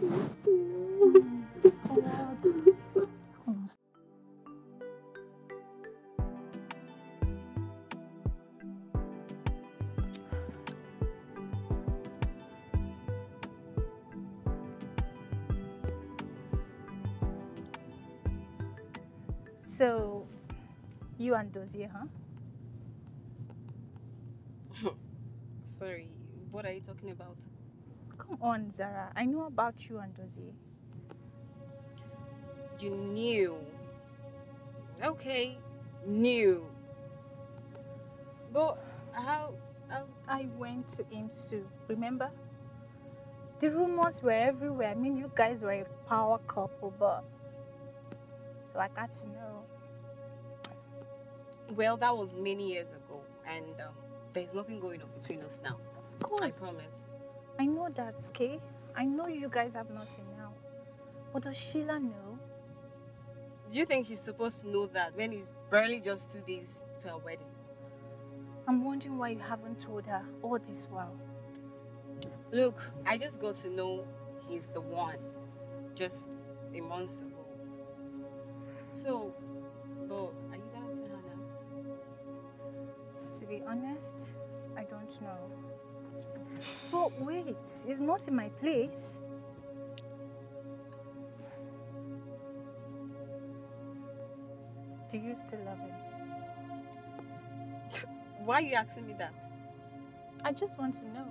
Come. Come out. So, you and Dozier, huh? Sorry, what are you talking about? Come on, Zara. I know about you and Dozier. You knew. Okay, knew. But how, how... I went to IMSU, remember? The rumors were everywhere. I mean, you guys were a power couple, but so I got to know. Well, that was many years ago, and um, there's nothing going on between us now. Of course. I promise. I know that, okay? I know you guys have nothing now. But does Sheila know? Do you think she's supposed to know that when it's barely just two days to her wedding? I'm wondering why you haven't told her all this while. Look, I just got to know he's the one just a month ago. So, but are you going to her now? To be honest, I don't know. But wait, it's not in my place. Do you still love him? Why are you asking me that? I just want to know.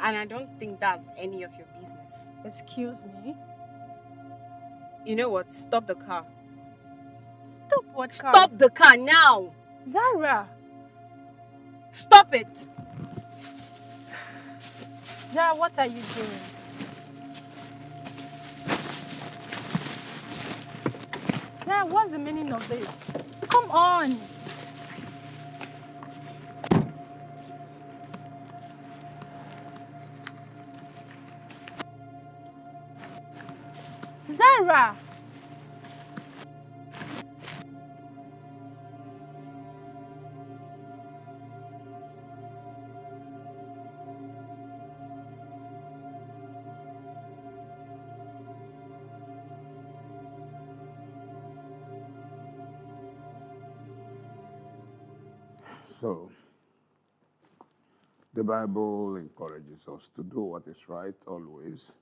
And I don't think that's any of your business. Excuse me? You know what? Stop the car. Stop what car? Stop the car now! Zara! Stop it! Zara, what are you doing? Zara, what's the meaning of this? Come on! Zara! Bible encourages us to do what is right always.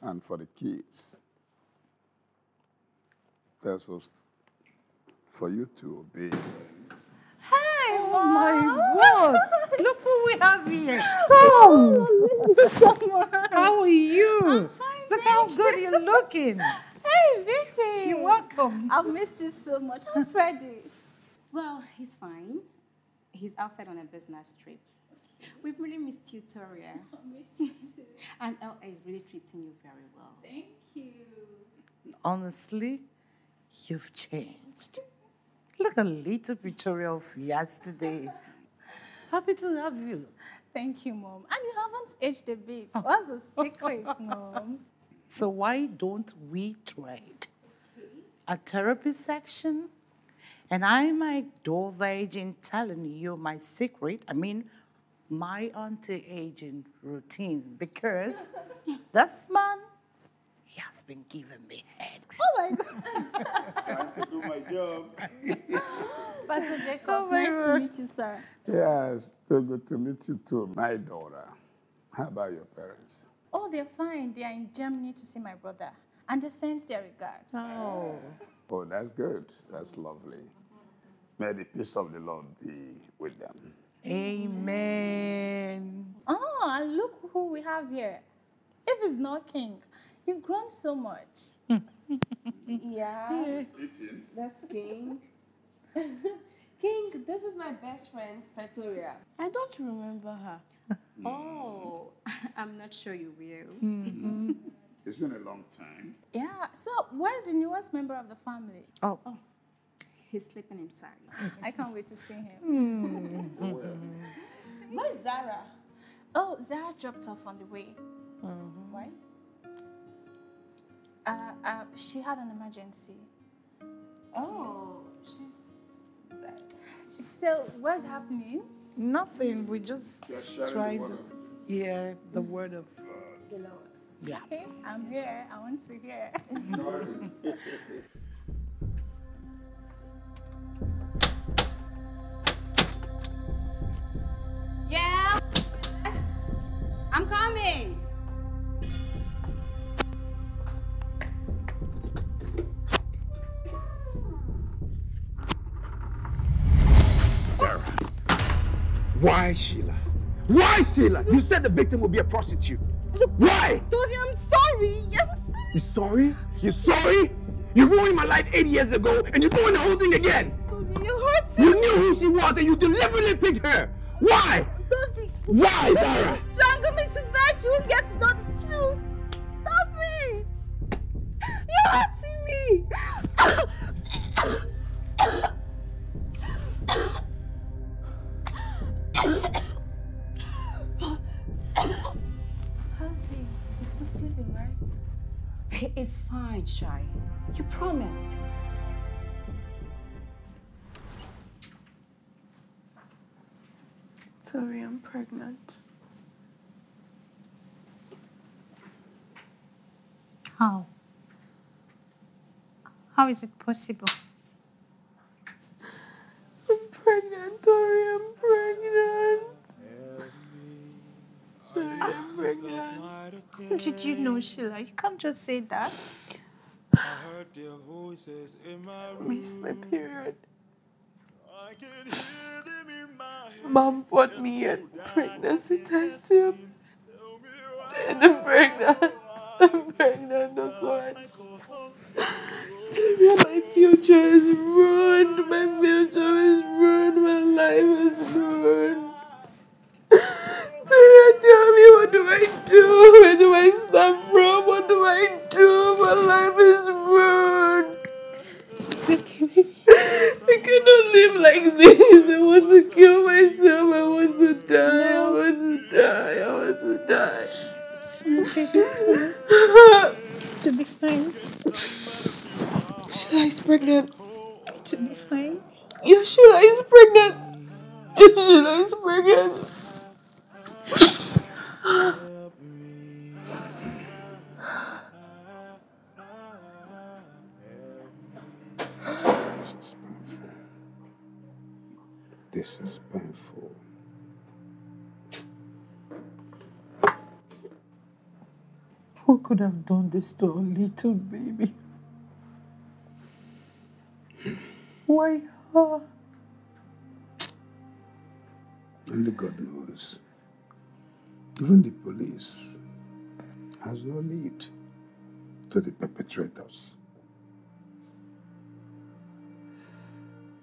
And for the kids, tells us for you to obey. Hi, oh my God! Look who we have here. Come! oh, how are you? I'm fine, Look how good you're looking. Hey, Vicky. You're welcome. I've missed you so much. How's Freddie? Well, he's fine. He's outside on a business trip. We've really missed you, Toria. I missed you too. and LA is really treating you very well. Thank you. Honestly, you've changed. Look a little picture of yesterday. Happy to have you. Thank you, Mom. And you haven't aged a bit. What's a secret, Mom? So why don't we trade? A therapy section? And I might divulge in telling you my secret. I mean, my anti-aging routine because this man, he has been giving me headaches. Oh my God. Trying to do my job. Pastor Jacob, oh nice God. to meet you, sir. Yes, so good to meet you too, my daughter. How about your parents? Oh, they're fine. They are in Germany to see my brother and they send their regards. Oh. Oh, that's good. That's lovely. May the peace of the Lord be with them. Amen. Oh, and look who we have here. If it's not King, you've grown so much. yeah. That's King. King, this is my best friend, Pretoria. I don't remember her. Mm. Oh, I'm not sure you will. Mm -hmm. it's been a long time. Yeah. So, where's the newest member of the family? Oh. oh. He's sleeping inside. I can't wait to see him. Mm. Where's Zara? Oh, Zara dropped off on the way. Mm -hmm. Why? Uh, uh, she had an emergency. Oh, she's. so what's happening? Nothing. We just tried to hear the word of the Lord. Yeah. Okay, I'm here. I want to hear. Sarah. Why, Sheila? Why, Sheila? You said the victim would be a prostitute. Look, Why? Dozy, I'm sorry. I'm sorry. You sorry? You sorry? You ruined my life 80 years ago, and you're doing the whole thing again. Dozy, you hurt me. You knew who she was, and you deliberately picked her. Why? Dozy. Why, Sarah? You won't get to know the truth. Stop me! You're hurting me. How's he? He's still sleeping, right? He is fine, Shai. You promised. Sorry, I'm pregnant. How? How is it possible? I'm pregnant, Tori, I'm pregnant. Tori, I'm pregnant. Did you know, Sheila? You can't just say that. I heard their voices in my room. Missed my period. I can hear them in my Mom bought me a pregnancy test tube. And I'm pregnant. I'm pregnant, oh God. Tell me my future is ruined. My future is ruined. My life is ruined. Tell me, tell me, what do I do? Where do I start from? What do I do? My life is ruined. I cannot live like this. I want to kill myself. I want to die. I want to die. I want to die this one, okay, this one. to be fine. Sheila is pregnant. To be fine. Yeah, Sheila is pregnant. Yeah, Sheila is pregnant. This is painful. Who could have done this to our little baby? Why her? Only God knows. Even the police has no lead to the perpetrators.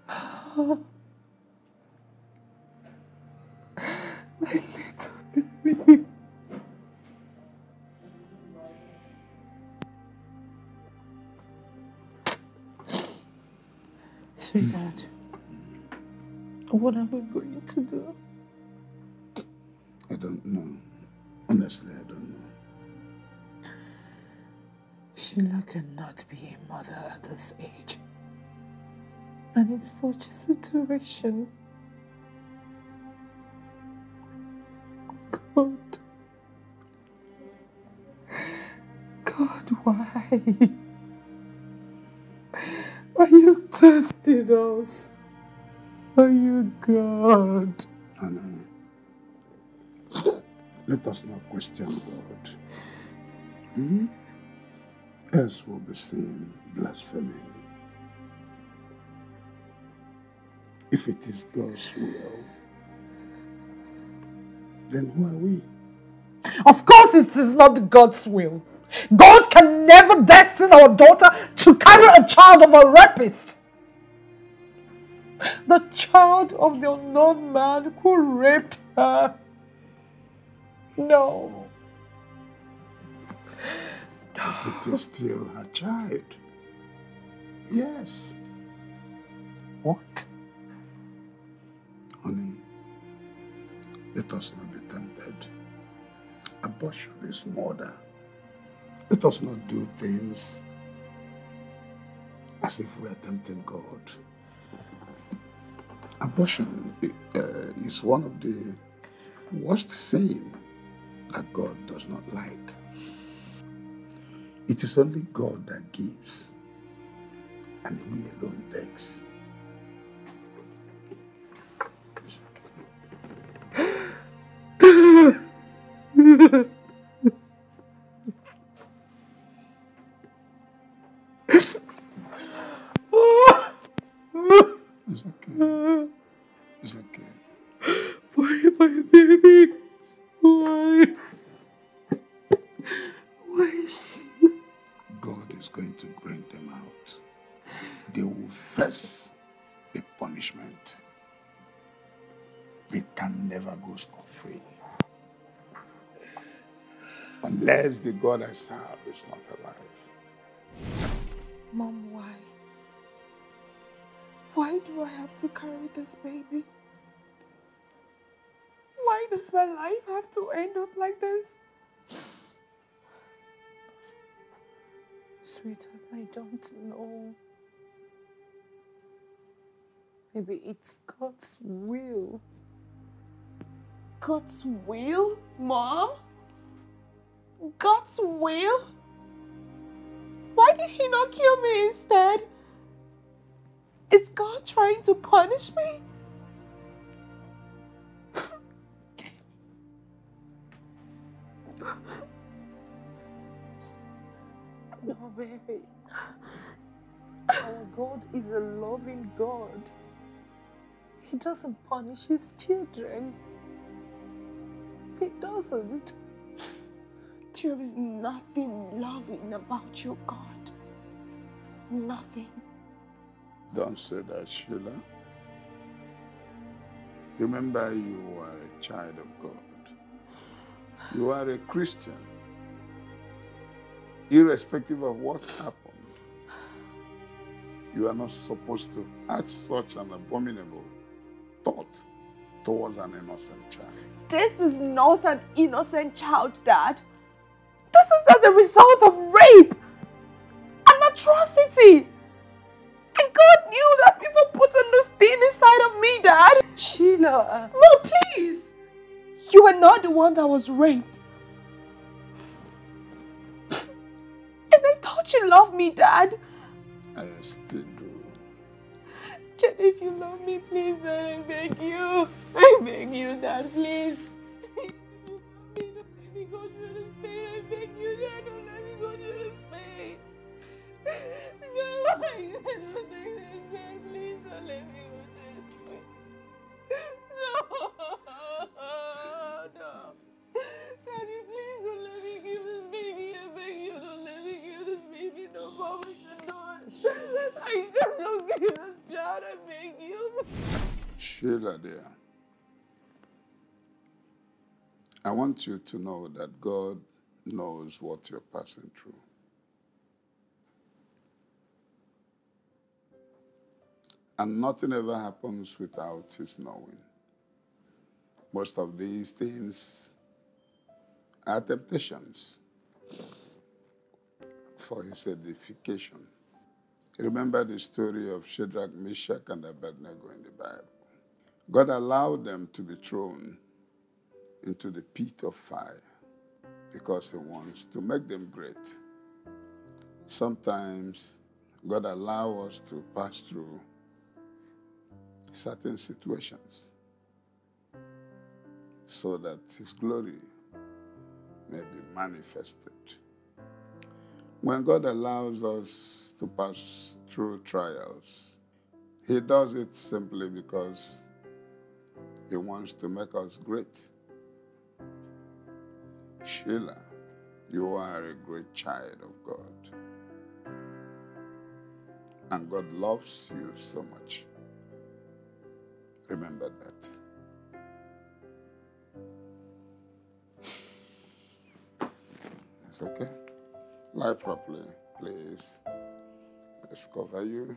My little baby. what are we going to do? I don't know. Honestly, I don't know. Sheila cannot be a mother at this age. And in such a situation, God, God, why? Are you testing us? Are you God? Anna, let us not question God. Hmm? Else will be seen blaspheming. If it is God's will, then who are we? Of course it is not God's will. God can never destine our daughter to carry a child of a rapist. The child of the unknown man who raped her. No. But it is still her child. Yes. What? Honey, let us not be tempted. Abortion is murder. Let us not do things as if we are tempting God. Abortion uh, is one of the worst sin that God does not like. It is only God that gives, and He alone takes. the God I serve is not alive. Mom, why? Why do I have to carry this baby? Why does my life have to end up like this? Sweetheart, I don't know. Maybe it's God's will. God's will, Mom? God's will? Why did he not kill me instead? Is God trying to punish me? no, baby. Our God is a loving God. He doesn't punish his children. He doesn't. There is nothing loving about you, God. Nothing. Don't say that, Sheila. Remember, you are a child of God. You are a Christian. Irrespective of what happened, you are not supposed to act such an abominable thought towards an innocent child. This is not an innocent child, Dad. This is as a result of rape, an atrocity. And God knew that people put on this thing inside of me, Dad. Sheila. No, please. You were not the one that was raped. And I thought you loved me, Dad. I still do. Jenny. if you love me, please, Dad, I beg you. I beg you, Dad, please. God, this No, I not this please don't let me go to No, no. Daddy, please don't let me give this baby. I beg you, don't let me give this baby no I don't give this child. I beg you. Sheila, dear. I want you to know that God knows what you're passing through. And nothing ever happens without his knowing. Most of these things are temptations for his edification. Remember the story of Shadrach, Meshach, and Abednego in the Bible. God allowed them to be thrown into the pit of fire because He wants to make them great. Sometimes God allows us to pass through certain situations so that His glory may be manifested. When God allows us to pass through trials, He does it simply because He wants to make us great. Sheila, you are a great child of God. And God loves you so much. Remember that. It's okay. Lie properly, please. Let's cover you.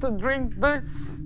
to drink this.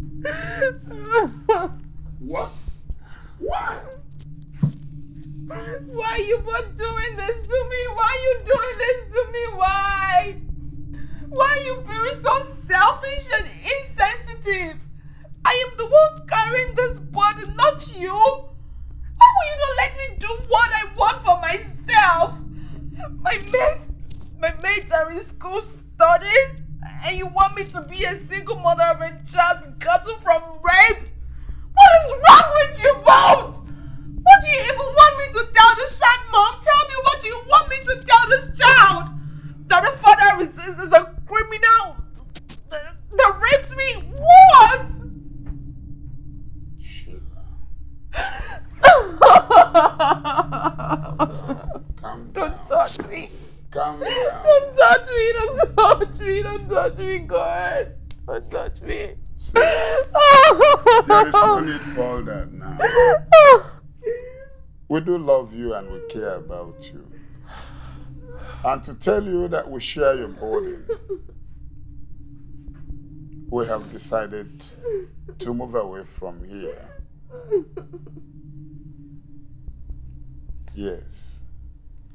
And to tell you that we share your burden, we have decided to move away from here. Yes,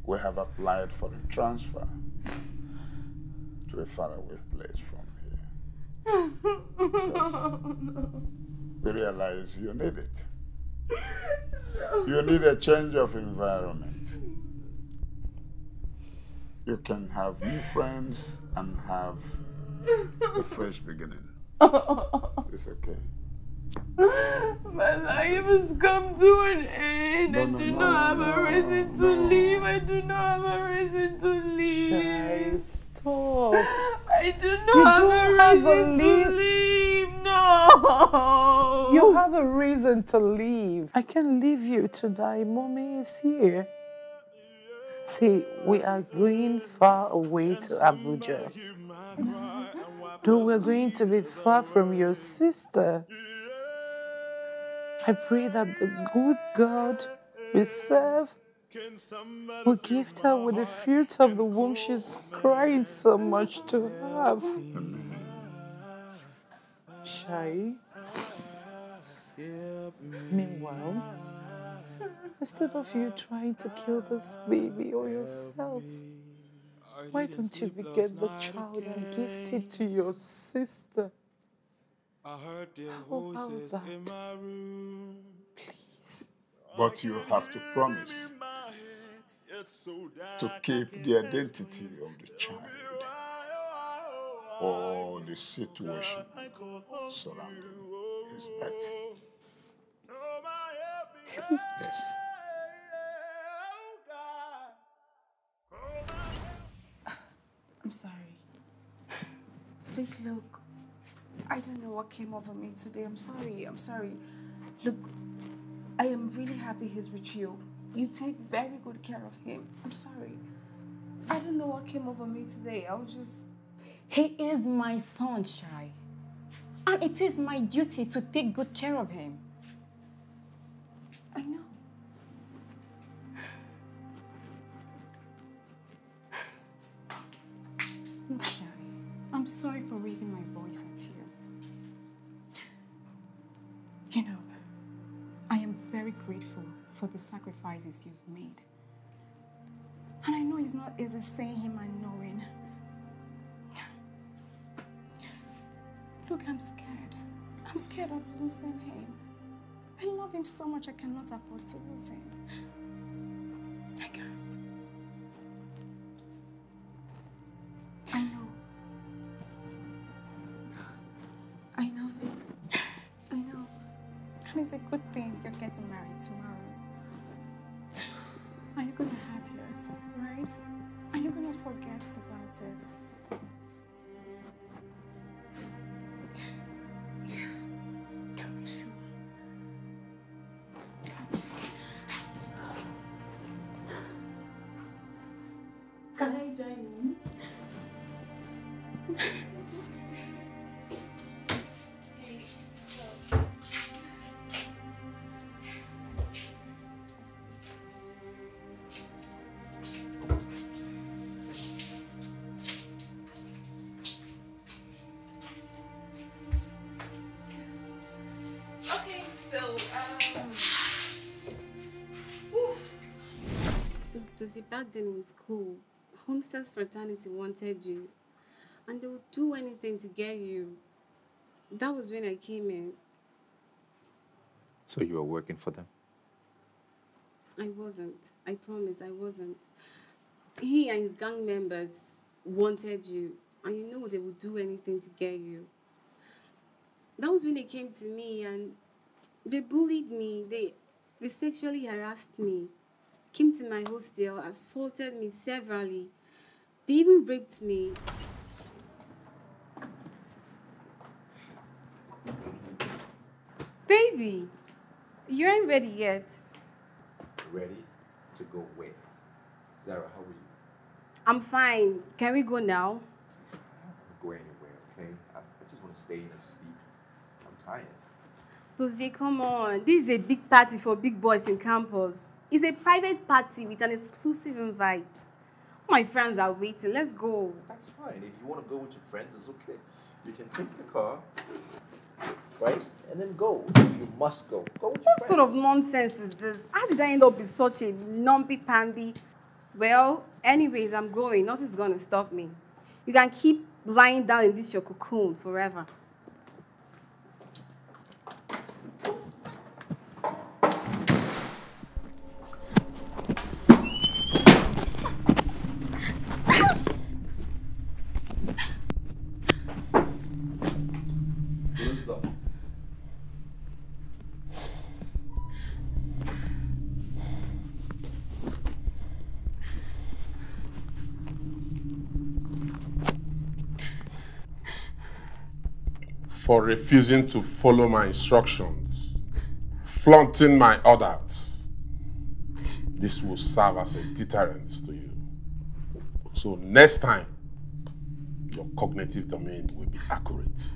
we have applied for a transfer to a faraway place from here. Because we realize you need it. You need a change of environment you can have new friends and have the fresh beginning. it's okay. My life has come to an end. No, no, I do no, not have a reason to leave. I do not have a reason to leave. stop. I do not you have, a reason have a to leave. No. You have a reason to leave. I can leave you to die. Mommy is here. See, we are going far away to Abuja. Though we're going to be far from your sister. I pray that the good God we serve will gift her with the fruit of the womb she's crying so much to have. Shai. Meanwhile, Instead of you trying to kill this baby or yourself, why don't you beget the child and gift it to your sister? I heard their voices that? in my room. Please. But you have to promise to keep the identity of the child or the situation surrounding his Yes. I'm sorry. Faith, look, I don't know what came over me today. I'm sorry. I'm sorry. Look, I am really happy he's with you. You take very good care of him. I'm sorry. I don't know what came over me today. I was just. He is my son, Shai. And it is my duty to take good care of him. I know. grateful for the sacrifices you've made. And I know it's not easy saying him and knowing. Look, I'm scared. I'm scared of losing him. I love him so much I cannot afford to lose him. I can't. forget about it. back then in school, homesteads fraternity wanted you, and they would do anything to get you. That was when I came in. So you were working for them? I wasn't. I promise, I wasn't. He and his gang members wanted you, and you know they would do anything to get you. That was when they came to me and they bullied me. They they sexually harassed me came to my hostel, assaulted me severally. They even raped me. Baby, you ain't ready yet. Ready to go where? Zara, how are you? I'm fine. Can we go now? I don't want to go anywhere, okay? I, just want to stay in this to say, come on, this is a big party for big boys in campus. It's a private party with an exclusive invite. My friends are waiting. Let's go. That's fine. If you want to go with your friends, it's okay. You can take the car, right? And then go. You must go. go what sort of nonsense is this? How did I end up with such a numpy pamby? Well, anyways, I'm going. Nothing's going to stop me. You can keep lying down in this your cocoon forever. for refusing to follow my instructions, flaunting my orders. This will serve as a deterrent to you. So next time, your cognitive domain will be accurate.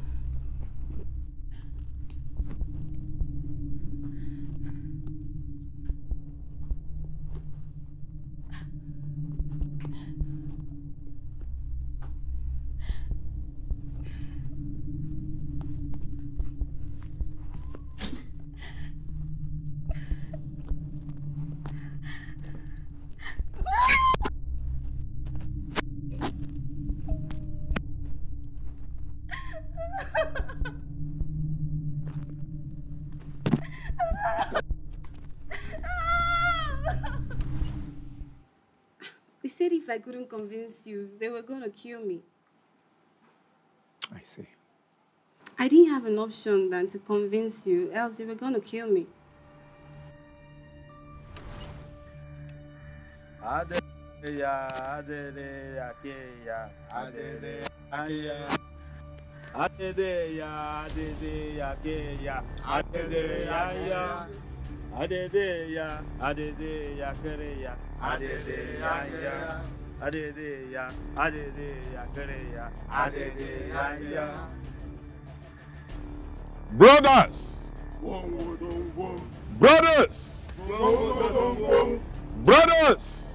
convince you. They were going to kill me. I see. I didn't have an option than to convince you, else they were going to kill me. Adeya, adeya, akeya, adeya, akeya. Adeya, adeya, akeya, adeya, adeya, adeya, akeya, adeya, akeya. Brothers! Brothers! Brothers!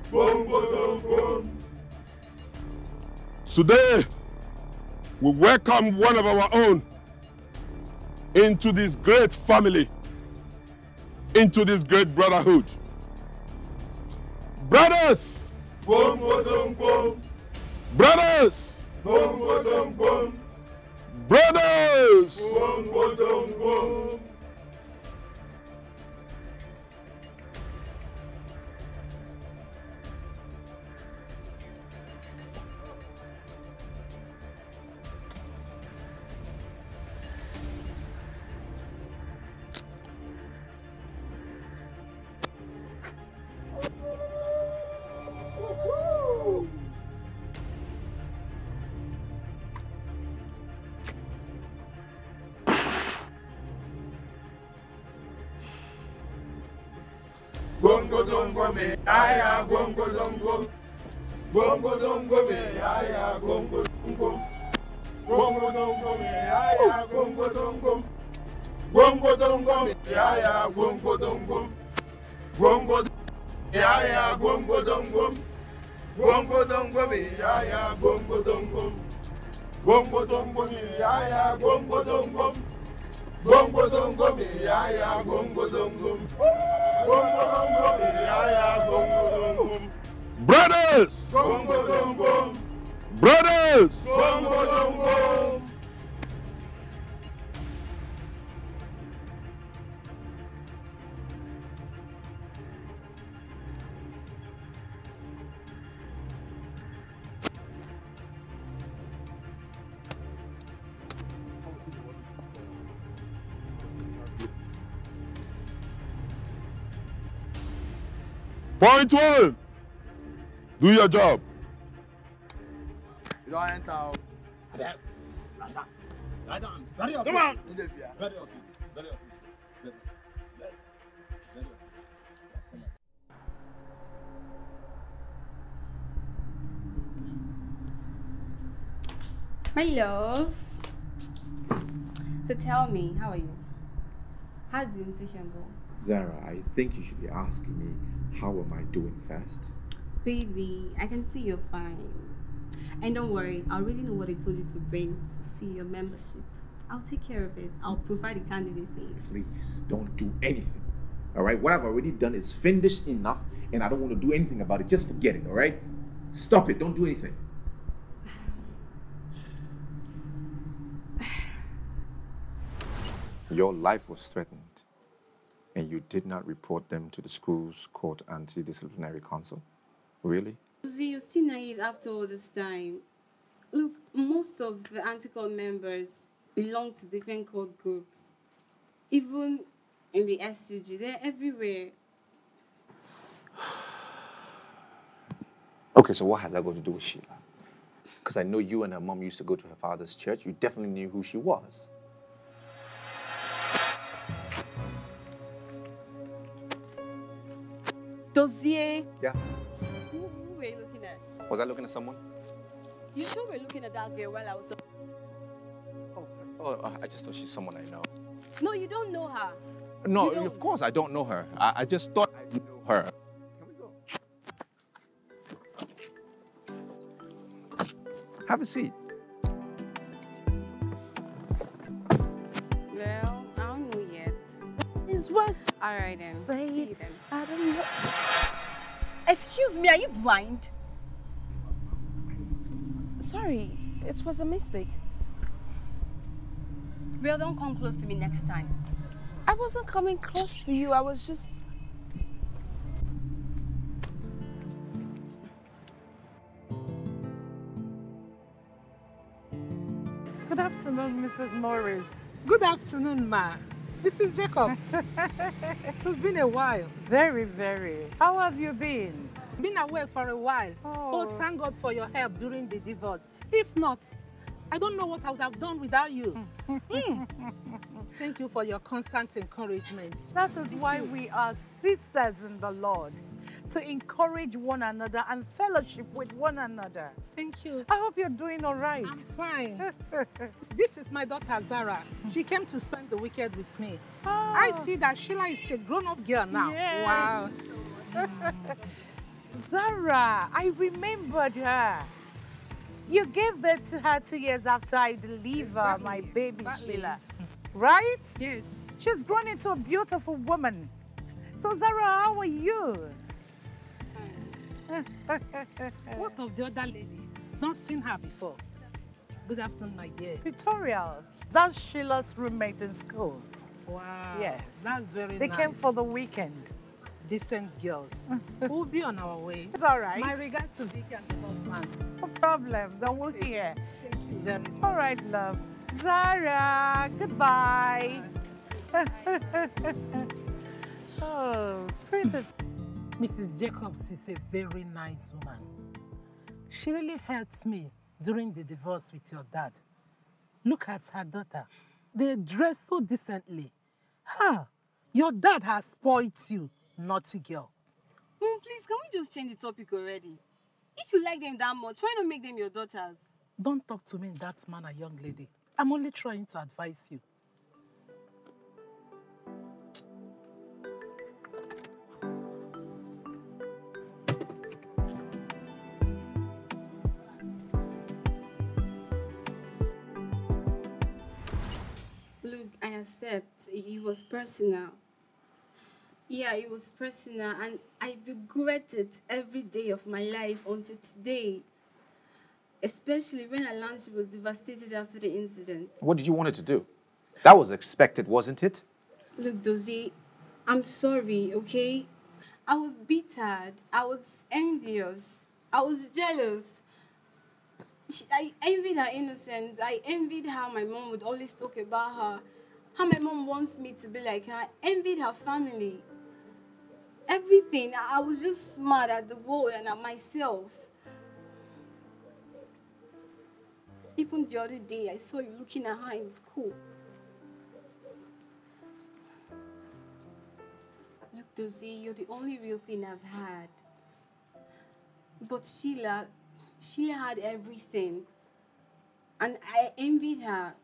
Today, we welcome one of our own into this great family, into this great brotherhood. Brothers! Brothers! Brothers! aya gongolongo gongolongo me aya gongolongo gongolongo me aya gongolongo gongolongo me aya gongolongo gongolongo me aya gongolongo gongolongo me aya gongolongo gongolongo me aya gongolongo gongodongo miri aya brothers brothers Point one. Do your job. You don't enter. Like that. Like that. Very Come on. Very Very Very My love. So tell me, how are you? How's the incision go? Zara, I think you should be asking me how am I doing fast? Baby, I can see you're fine. And don't worry, I already know what I told you to bring to see your membership. I'll take care of it. I'll provide a candidate for you. Please, don't do anything. All right? What I've already done is finished enough, and I don't want to do anything about it. Just forget it, all right? Stop it. Don't do anything. Your life was threatened and you did not report them to the school's court anti-disciplinary council? Really? Susie, you're still naive after all this time. Look, most of the anti-court members belong to different court groups. Even in the SUG, they're everywhere. okay, so what has that got to do with Sheila? Because I know you and her mom used to go to her father's church. You definitely knew who she was. Dossier. Yeah. Who, who were you looking at? Was I looking at someone? You sure were looking at that girl while I was talking? Oh, oh, oh, I just thought she's someone I know. No, you don't know her. No, of course I don't know her. I, I just thought I knew her. Can we go? Have a seat. Well, I don't know yet. It's what all right, then. Say it. I don't know. Excuse me, are you blind? Sorry, it was a mistake. Well, don't come close to me next time. I wasn't coming close to you, I was just... Good afternoon, Mrs. Morris. Good afternoon, ma. Mrs. Jacobs, it has been a while. Very, very. How have you been? Been away for a while. Oh. oh, thank God for your help during the divorce. If not, I don't know what I would have done without you. Hmm. Thank you for your constant encouragement. That is Thank why you. we are sisters in the Lord to encourage one another and fellowship with one another. Thank you. I hope you're doing all right. I'm fine. this is my daughter, Zara. She came to spend the weekend with me. Oh. I see that Sheila is a grown-up girl now. Yes. Wow. So Zara, I remembered her. You gave birth to her two years after I delivered exactly. my baby, exactly. Sheila. Right? Yes. She's grown into a beautiful woman. So Zara, how are you? what of the other lady? Not seen her before. Good afternoon, my dear. Victoria, that's Sheila's roommate in school. Wow. Yes. That's very they nice. They came for the weekend. Decent girls. we'll be on our way. It's all right. My regards to Vicky and the husband. No problem. Don't worry here. Thank you All right, love. Zara, goodbye. oh, pretty Mrs. Jacobs is a very nice woman. She really helped me during the divorce with your dad. Look at her daughter. They dress so decently. Ha! Your dad has spoiled you, naughty girl. Mm, please, can we just change the topic already? If you like them that much, why not make them your daughters? Don't talk to me in that manner, young lady. I'm only trying to advise you. I accept it was personal. Yeah, it was personal, and I regret it every day of my life until today. Especially when I learned she was devastated after the incident. What did you want her to do? That was expected, wasn't it? Look, Dozie, I'm sorry, okay? I was bitter. I was envious. I was jealous. I envied her innocence. I envied how my mom would always talk about her how my mom wants me to be like her. I envied her family. Everything. I was just mad at the world and at myself. Even the other day, I saw you looking at her in school. Look, Dozie, you're the only real thing I've had. But Sheila, Sheila had everything. And I envied her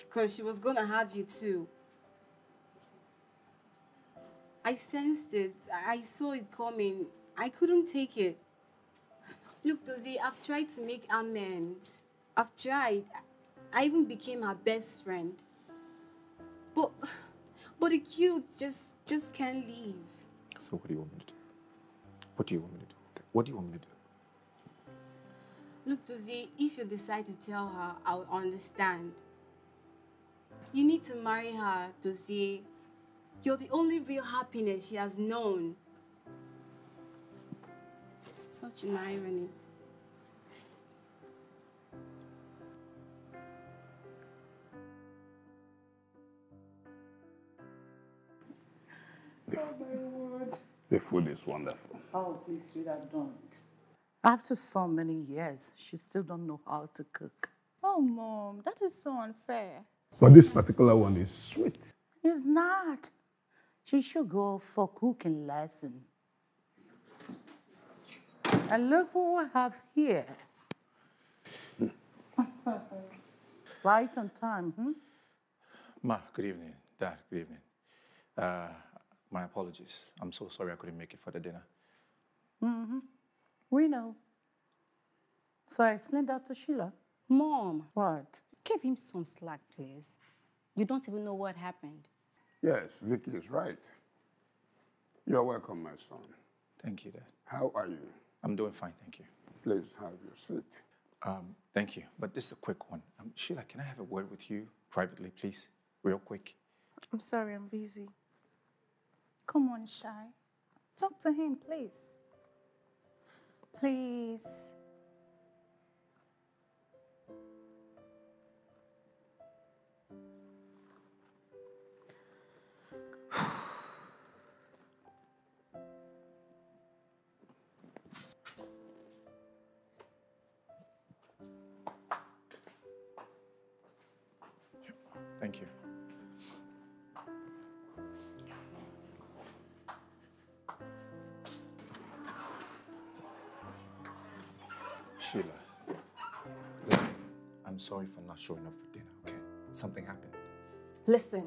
because she was going to have you too. I sensed it. I saw it coming. I couldn't take it. Look, Dozie, I've tried to make amends. I've tried. I even became her best friend. But, but the cute just, just can't leave. So what do you want me to do? What do you want me to do? What do you want me to do? Look, Dozie, if you decide to tell her, I'll understand. You need to marry her to say, you're the only real happiness she has known. Such an irony. The, oh my word. The food is wonderful. Oh, please, sweetheart, don't. After so many years, she still don't know how to cook. Oh, Mom, that is so unfair. But this particular one is sweet. It's not. She should go for cooking lesson. And look what we have here. right on time, hmm? Ma, good evening. Dad, good evening. Uh, my apologies. I'm so sorry I couldn't make it for the dinner. Mm-hmm. We know. So I explained that to Sheila. Mom. What? Give him some slack, please. You don't even know what happened. Yes, Vicky is right. You're welcome, my son. Thank you, Dad. How are you? I'm doing fine, thank you. Please have your seat. Um, thank you, but this is a quick one. Um, Sheila, can I have a word with you privately, please? Real quick. I'm sorry, I'm busy. Come on, Shy. Talk to him, please. Please. I'm sorry for not showing up for dinner, okay? Something happened. Listen,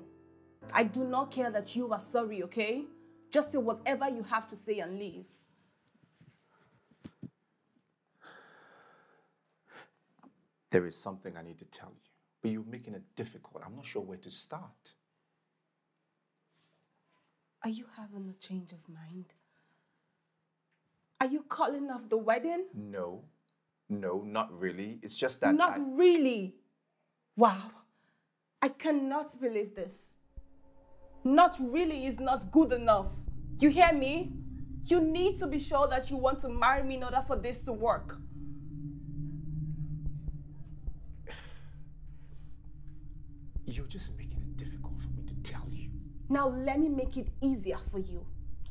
I do not care that you are sorry, okay? Just say whatever you have to say and leave. There is something I need to tell you, but you're making it difficult. I'm not sure where to start. Are you having a change of mind? Are you calling off the wedding? No, no, not really. It's just that. Not I... really. Wow. I cannot believe this. Not really is not good enough. You hear me? You need to be sure that you want to marry me in order for this to work. You're just making it difficult for me to tell you. Now let me make it easier for you.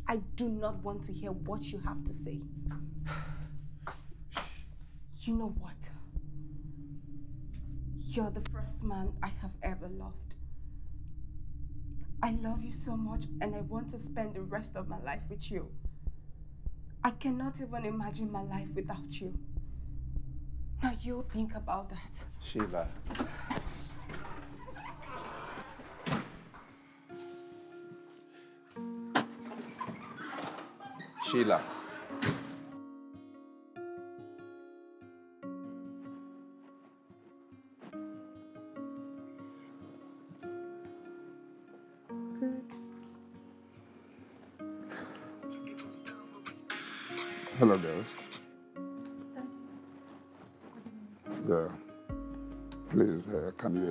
I do not want to hear what you have to say. You know what? You're the first man I have ever loved. I love you so much and I want to spend the rest of my life with you. I cannot even imagine my life without you. Now you think about that. Sheila. Sheila.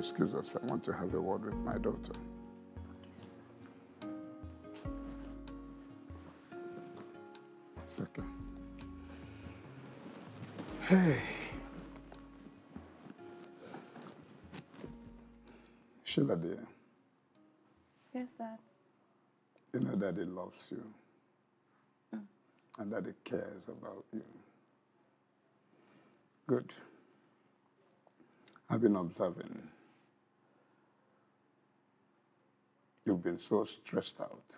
excuse us. I want to have a word with my daughter. It's okay. Hey. Sheila, dear. Yes, Dad. You know Daddy loves you. Mm. And Daddy cares about you. Good. I've been observing. You've been so stressed out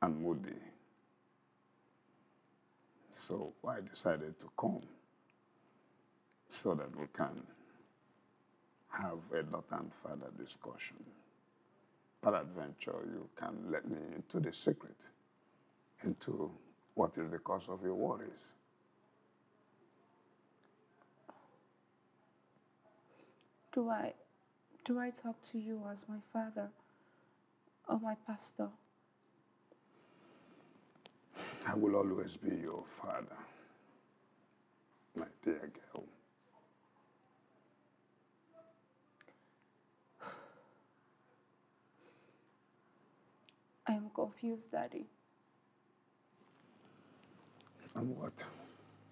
and moody. So I decided to come so that we can have a daughter and father discussion. Peradventure, you can let me into the secret, into what is the cause of your worries. Do I, do I talk to you as my father? Oh my pastor. I will always be your father, my dear girl. I am confused, Daddy. And what?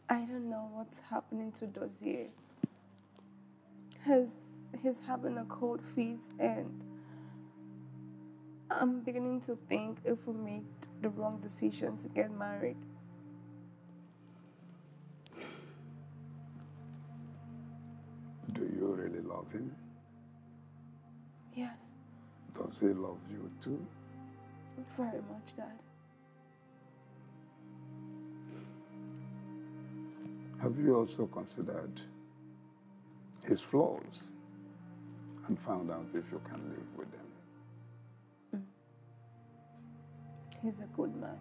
I don't know what's happening to Dozier. Has he's having a cold feet and I'm beginning to think if we made the wrong decision to get married. Do you really love him? Yes. Does he love you too? Very much, Dad. Have you also considered his flaws and found out if you can live with them? He's a good man.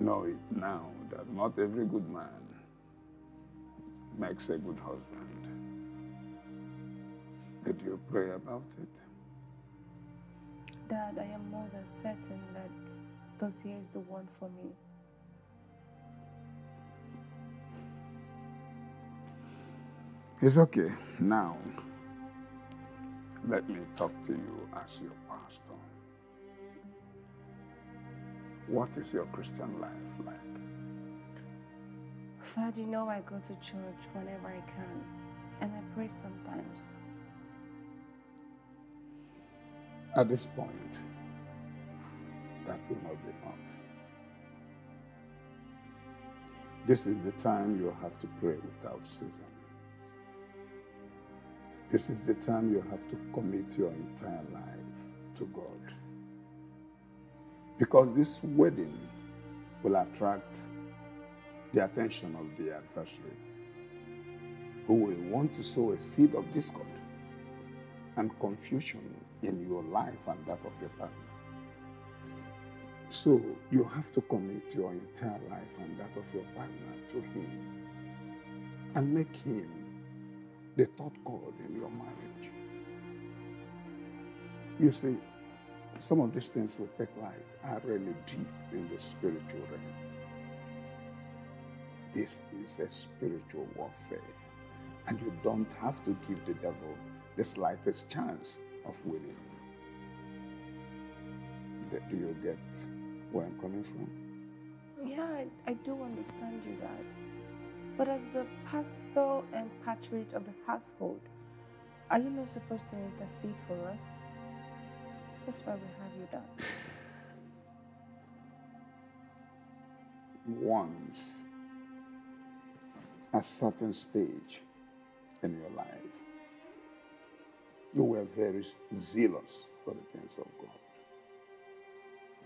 Know it now that not every good man makes a good husband. Did you pray about it? Dad, I am more than certain that Dossier is the one for me. It's okay now. Let me talk to you as your pastor. What is your Christian life like? Sir, you know I go to church whenever I can, and I pray sometimes. At this point, that will not be enough. This is the time you have to pray without ceasing. This is the time you have to commit your entire life to God. Because this wedding will attract the attention of the adversary, who will want to sow a seed of discord and confusion in your life and that of your partner. So you have to commit your entire life and that of your partner to Him and make Him the thought God in your marriage. You see, some of these things we take light are really deep in the spiritual realm. This is a spiritual warfare, and you don't have to give the devil the slightest chance of winning. Do you get where I'm coming from? Yeah, I, I do understand you, Dad. But as the pastor and patriarch of the household, are you not supposed to intercede for us? That's why we have you down. Once, a certain stage in your life, you were very zealous for the things of God,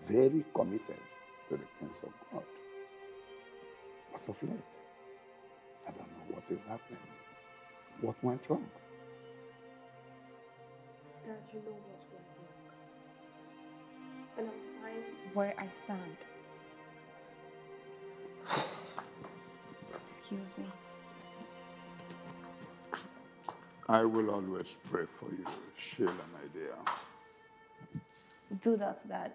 very committed to the things of God. But of late, I don't know what is happening. What went wrong? Dad, you know what went wrong. And I'm fine where I stand. Excuse me. I will always pray for you, Sheila, my dear. Do that, Dad.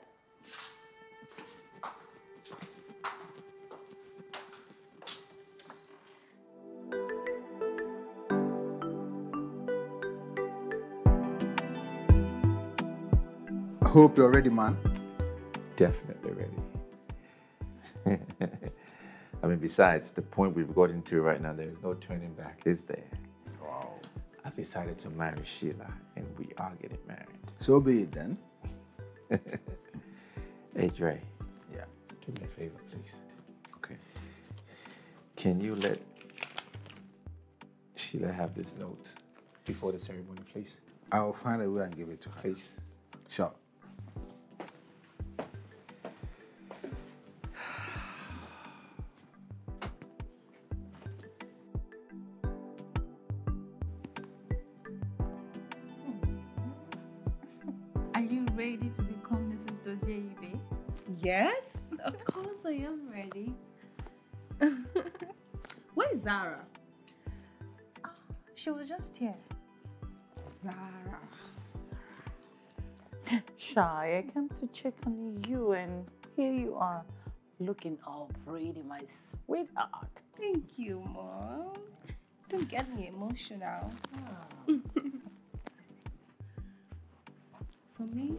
hope you're ready, man. Definitely ready. I mean, besides the point we've gotten to right now, there is no turning back, is there? Wow. I've decided to marry Sheila, and we are getting married. So be it then. hey, Dre. Yeah. Do me a favor, please. Okay. Can you let Sheila have this note before the ceremony, please? I'll find a way and give it to her. Please. Sure. Zara? Oh, she was just here. Zara. Zara. Shy, I came to check on you and here you are looking all pretty, my sweetheart. Thank you, Mom. Don't get me emotional. Oh. For me,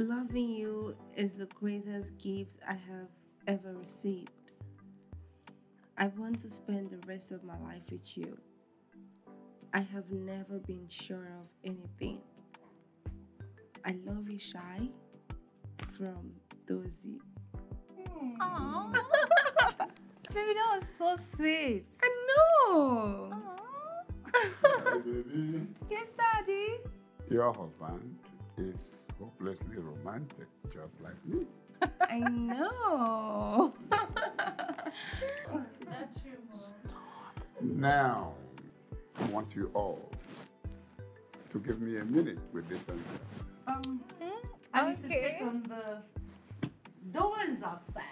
Loving you is the greatest gift I have ever received. I want to spend the rest of my life with you. I have never been sure of anything. I love you, Shy, from Dozy. Aww. baby, that was so sweet. I know. Aww. Hi, baby. Yes, Daddy. Your husband is hopelessly romantic, just like me. I know. now, I want you all to give me a minute with this Um, mm-hmm. I need okay. to check on the doors upstairs.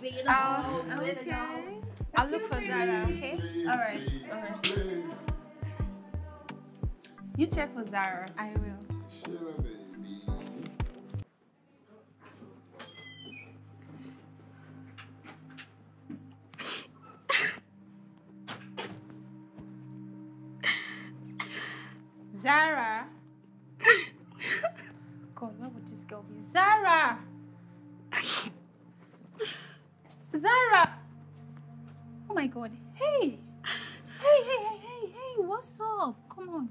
See the um, doors, okay. The I'll look for Zara, okay? all right. Please, Please. You check for Zara. I will. Zara. God, where would this girl be? Zara! Zara! Oh my god. Hey! Hey, hey, hey, hey, hey, what's up? Come on.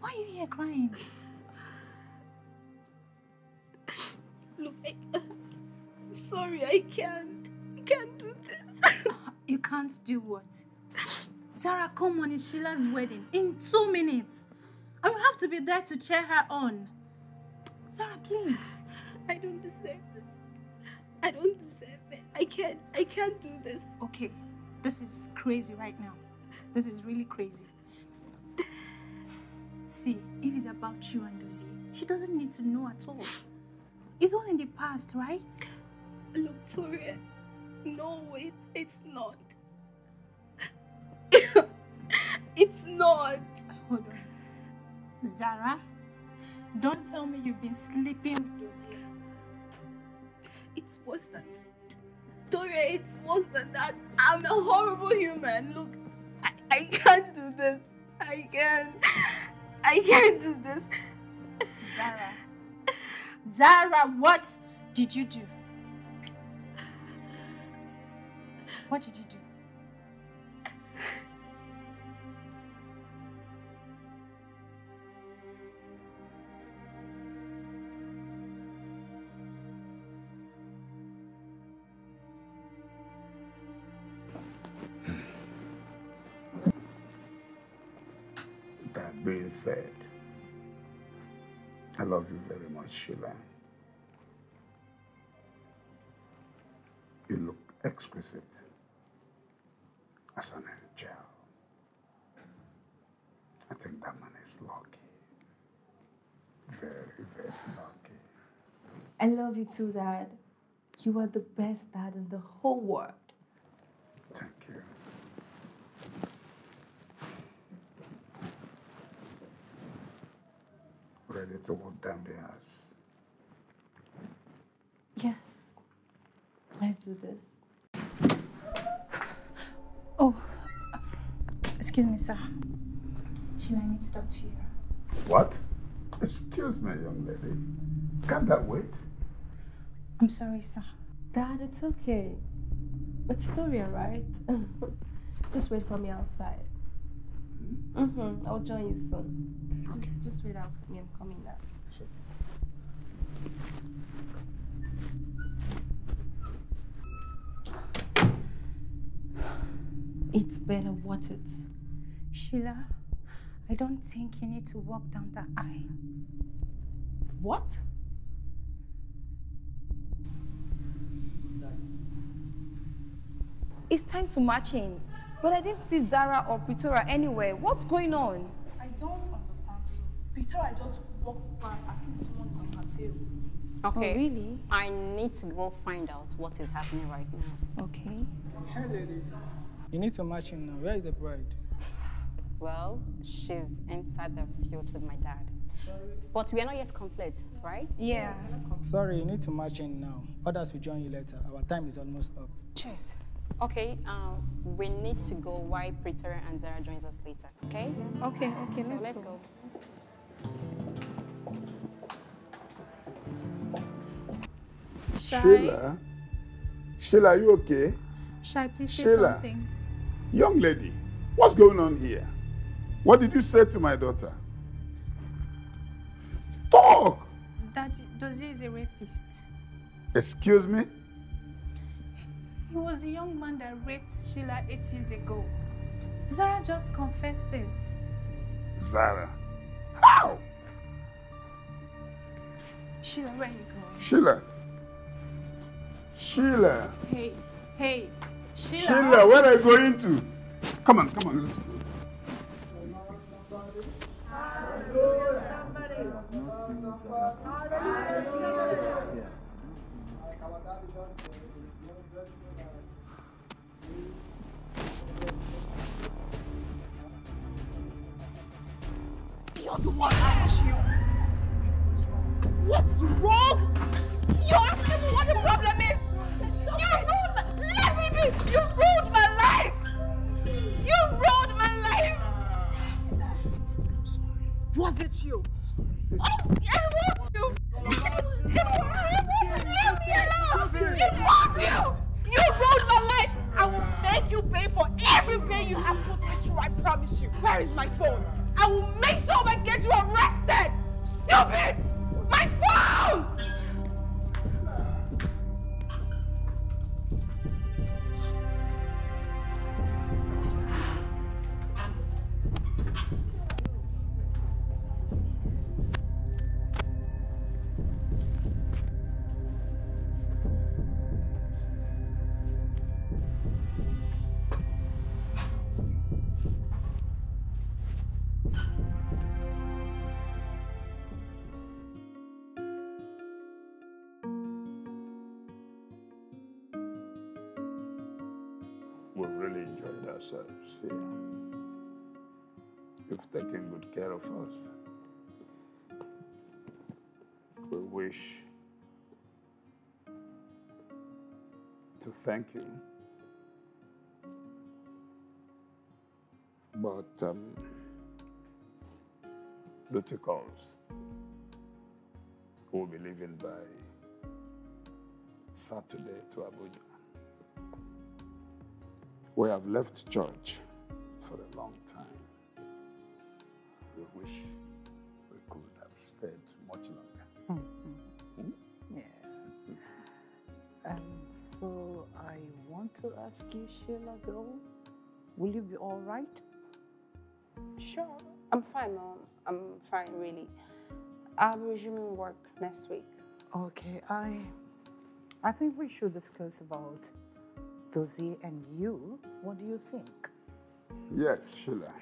Why are you here crying? Look, I can't. I'm sorry, I can't. I can't do this. you can't do what? Zara, come on, it's Sheila's wedding in two minutes. I will have to be there to cheer her on. Sarah, please. I don't deserve this. I don't deserve it. I can't. I can't do this. Okay, this is crazy right now. This is really crazy. See, if it's about you and Lucy, she doesn't need to know at all. It's all in the past, right? Look, Toria. No, wait, it's not. it's not. Hold on. Zara, don't tell me you've been sleeping with Dozie. It's worse than that. Doria, it's worse than that. I'm a horrible human. Look, I, I can't do this. I can't. I can't do this. Zara. Zara, what did you do? What did you do? said. I love you very much, Sheila. You look exquisite as an angel. I think that man is lucky. Very, very lucky. I love you too, Dad. You are the best dad in the whole world. ready to walk down the house. Yes. Let's do this. Oh, excuse me, sir. Sheila, I need to talk to you. What? Excuse me, young lady. Can that wait? I'm sorry, sir. Dad, it's okay. It's story, right? Just wait for me outside. Hmm? Mm-hmm. I'll join you soon. Okay. Just, just wait out for me. I'm coming now. Sure. It's better watch it. Sheila, I don't think you need to walk down the aisle. What? It's time to march in. But I didn't see Zara or Pretoria anywhere. What's going on? I don't Victoria just walked past as if someone is on her tail. Okay. Oh, really? I need to go find out what is happening right now. Okay. Hey, ladies. You need to march in now. Where is the bride? Well, she's inside the suit with my dad. Sorry. But we are not yet complete, right? Yeah. Sorry, you need to march in now. Others will join you later. Our time is almost up. Cheers. Okay, Um, we need to go Why Pretoria and Zara joins us later, okay? Okay, okay, so let's, let's go. go. Shai. Sheila. Sheila, are you okay? Shai, please Sheila. say something. Young lady, what's going on here? What did you say to my daughter? Talk! Daddy, Dozie is a rapist. Excuse me? He was a young man that raped Sheila eight years ago. Zara just confessed it. Zara? How? Sheila, where are you going? Sheila, Sheila. Hey, hey, Sheila. Sheila, where are you going to? Come on, come on, let's go. You're the one aren't you? What's wrong? You're asking me what the problem You ruined my life! You ruined my life! I'm sorry. Was it you? Oh, it was you! It, want was you! Leave me It was you! You ruined my life! I will make you pay for every pain you have put me through, I promise you. Where is my phone? I will make sure I get you arrested! Stupid! My phone! thank you. But um, Luticals will be leaving by Saturday to Abuja. We have left church for a long time. We wish we could have stayed much longer. Mm -hmm. -hmm. Yeah. um want to ask you, Sheila, girl, will you be all right? Sure. I'm fine, Mom. I'm fine, really. I'm resuming work next week. Okay, I, I think we should discuss about Dozie and you. What do you think? Yes, Sheila.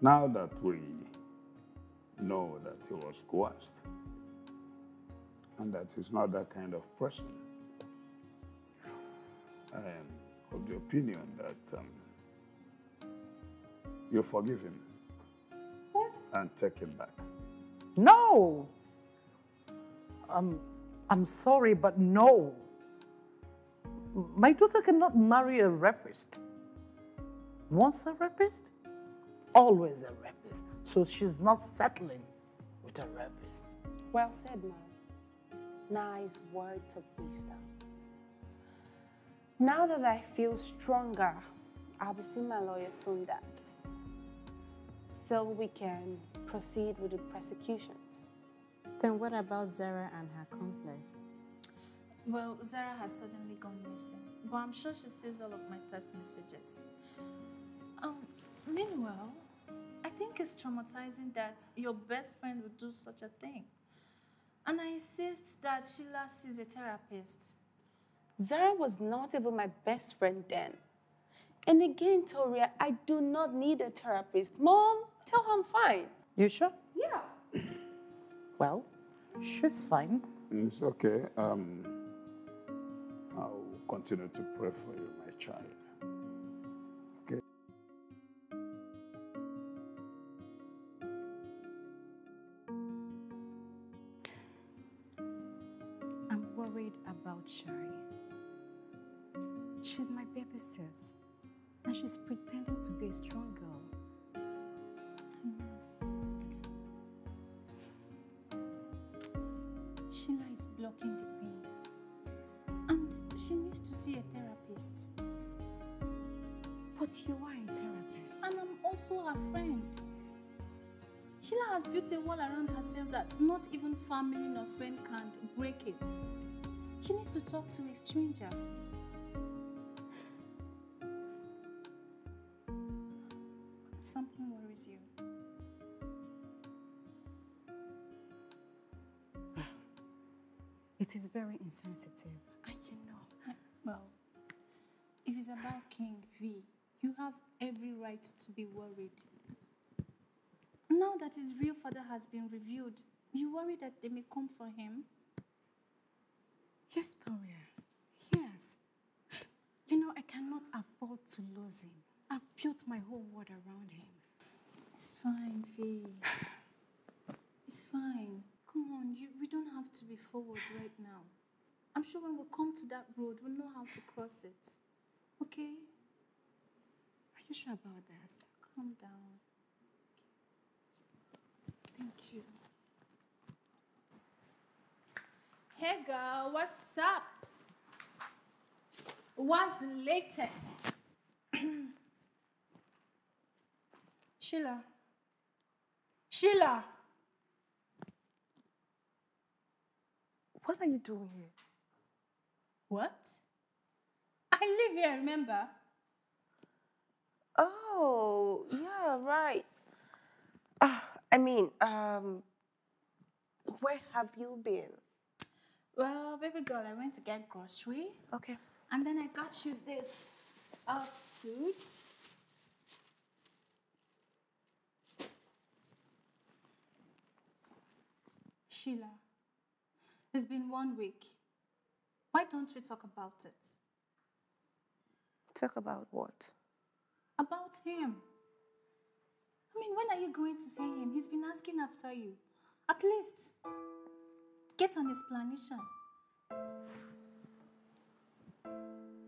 Now that we know that he was coerced, and that he's not that kind of person, I am um, of the opinion that um, you forgive him. What? And take him back. No! Um, I'm sorry, but no. My daughter cannot marry a rapist. Once a rapist, always a rapist. So she's not settling with a rapist. Well said, Mom. Nice words of wisdom. Now that I feel stronger, I'll be seeing my lawyer soon, Dad. So we can proceed with the prosecutions. Then what about Zara and her accomplice? Well, Zara has suddenly gone missing, but I'm sure she sees all of my text messages. Um, meanwhile, I think it's traumatizing that your best friend would do such a thing. And I insist that Sheila sees a therapist Zara was not even my best friend then. And again, Toria, I do not need a therapist. Mom, tell her I'm fine. You sure? Yeah. well, she's fine. Mm, it's okay. Um, I'll continue to pray for you, my child. family nor friend can't break it. She needs to talk to a stranger. Something worries you. It is very insensitive. And you know, well, if it's about King V, you have every right to be worried. Now that his real father has been revealed, you worry that they may come for him? Yes, Toria. Yes. You know, I cannot afford to lose him. I've built my whole world around him. It's fine, Vee. It's fine. Come on, you, we don't have to be forward right now. I'm sure when we come to that road, we'll know how to cross it. Okay? Are you sure about this? Calm down. Thank you. Hey girl, what's up? What's the latest? Sheila. Sheila. What are you doing here? What? I live here, remember? Oh, yeah, right. Uh, I mean, um, where have you been? Well, baby girl, I went to get grocery. Okay. And then I got you this uh, food. Sheila, it's been one week. Why don't we talk about it? Talk about what? About him. I mean, when are you going to see him? He's been asking after you. At least Get an explanation.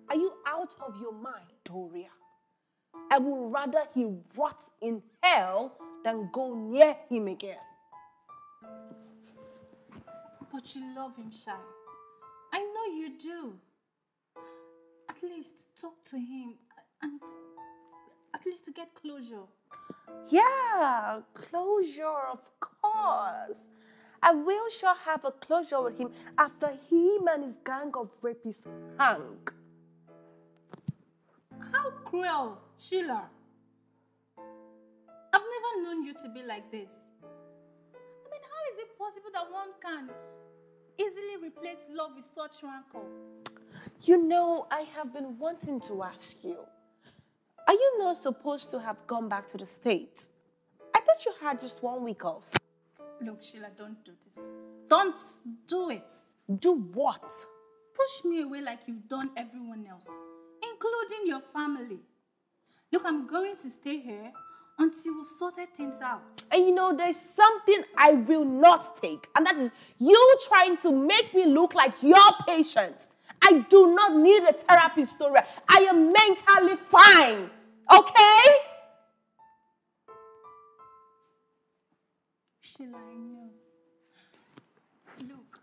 Are you out of your mind, Doria? I would rather he rot in hell than go near him again. But you love him, Shai. I know you do. At least talk to him and at least to get closure. Yeah, closure, of course. I will sure have a closure with him after him and his gang of rapists hang. How cruel, Sheila. I've never known you to be like this. I mean, how is it possible that one can easily replace love with such rancor? You know, I have been wanting to ask you. Are you not supposed to have gone back to the States? I thought you had just one week off. Look, Sheila, don't do this. Don't do it. Do what? Push me away like you've done everyone else, including your family. Look, I'm going to stay here until we've sorted things out. And you know, there's something I will not take, and that is you trying to make me look like your patient. I do not need a therapy story. I am mentally fine, okay? Sheila, I know. Look,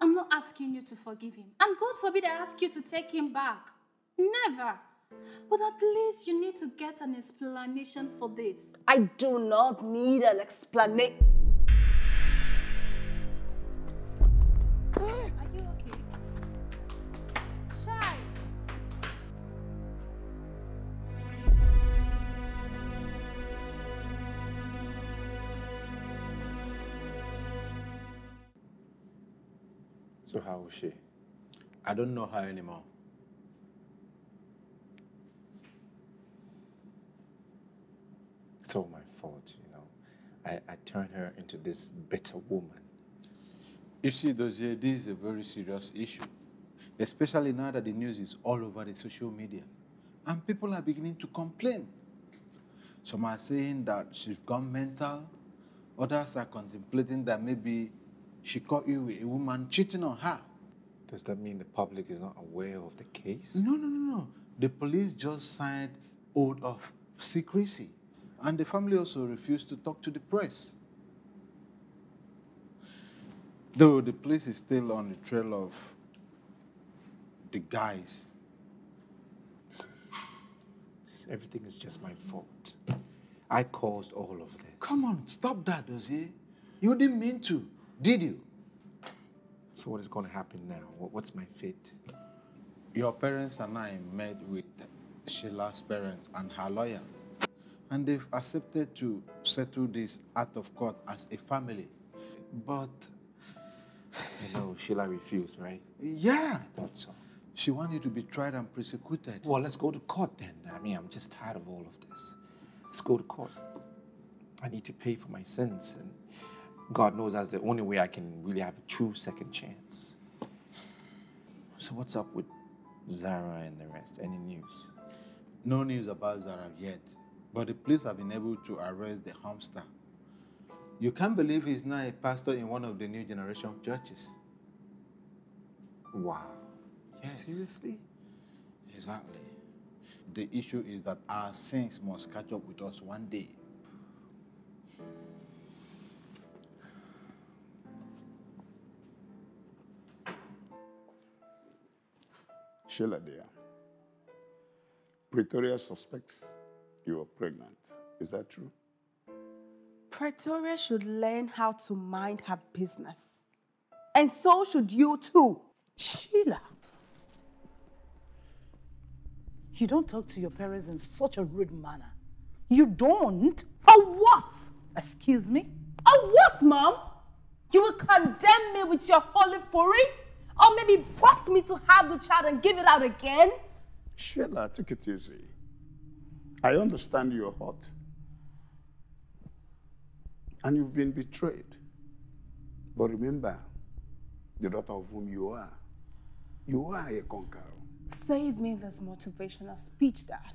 I'm not asking you to forgive him. And God forbid I ask you to take him back. Never. But at least you need to get an explanation for this. I do not need an explanation. Hmm? So how is she? I don't know her anymore. It's all my fault, you know. I, I turned her into this bitter woman. You see, Dozier, this is a very serious issue, especially now that the news is all over the social media and people are beginning to complain. Some are saying that she's gone mental, others are contemplating that maybe she caught you with a woman cheating on her. Does that mean the public is not aware of the case? No, no, no, no. The police just signed oath of secrecy, and the family also refused to talk to the press. Though the police is still on the trail of the guys. Everything is just my fault. I caused all of this. Come on, stop that, does he? You didn't mean to. Did you? So what is going to happen now? What's my fate? Your parents and I met with Sheila's parents and her lawyer. And they've accepted to settle this out of court as a family. But... know, Sheila refused, right? Yeah. I thought so. She wanted to be tried and prosecuted. Well, let's go to court then. I mean, I'm just tired of all of this. Let's go to court. I need to pay for my sins and God knows that's the only way I can really have a true second chance. So what's up with Zara and the rest? Any news? No news about Zara yet, but the police have been able to arrest the hamster. You can't believe he's now a pastor in one of the new generation churches. Wow. Yes. Seriously? Exactly. The issue is that our sins must catch up with us one day. Sheila dear, Pretoria suspects you are pregnant. Is that true? Pretoria should learn how to mind her business. And so should you too. Sheila. You don't talk to your parents in such a rude manner. You don't? Or what? Excuse me? Or what, Mom? You will condemn me with your holy fury? Or maybe force me to have the child and give it out again? Sheila, take it easy. I understand you're hurt. And you've been betrayed. But remember, the daughter of whom you are, you are a conqueror. Save me this motivational speech, Dad.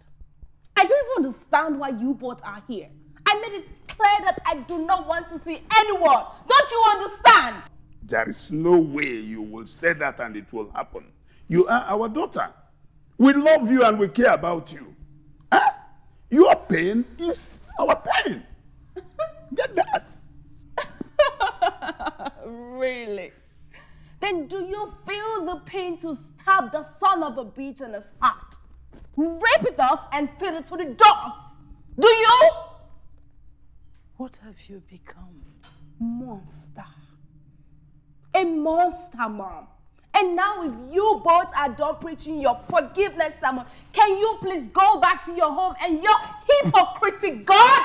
I don't even understand why you both are here. I made it clear that I do not want to see anyone. Don't you understand? There is no way you will say that and it will happen. You are our daughter. We love you and we care about you. Huh? Your pain is our pain. Get that? really? Then do you feel the pain to stab the son of a bitch in his heart? Rip it off and feed it to the dogs? Do you? What have you become? Monster a monster mom. And now if you both are done preaching your forgiveness sermon, can you please go back to your home and your hypocritical God,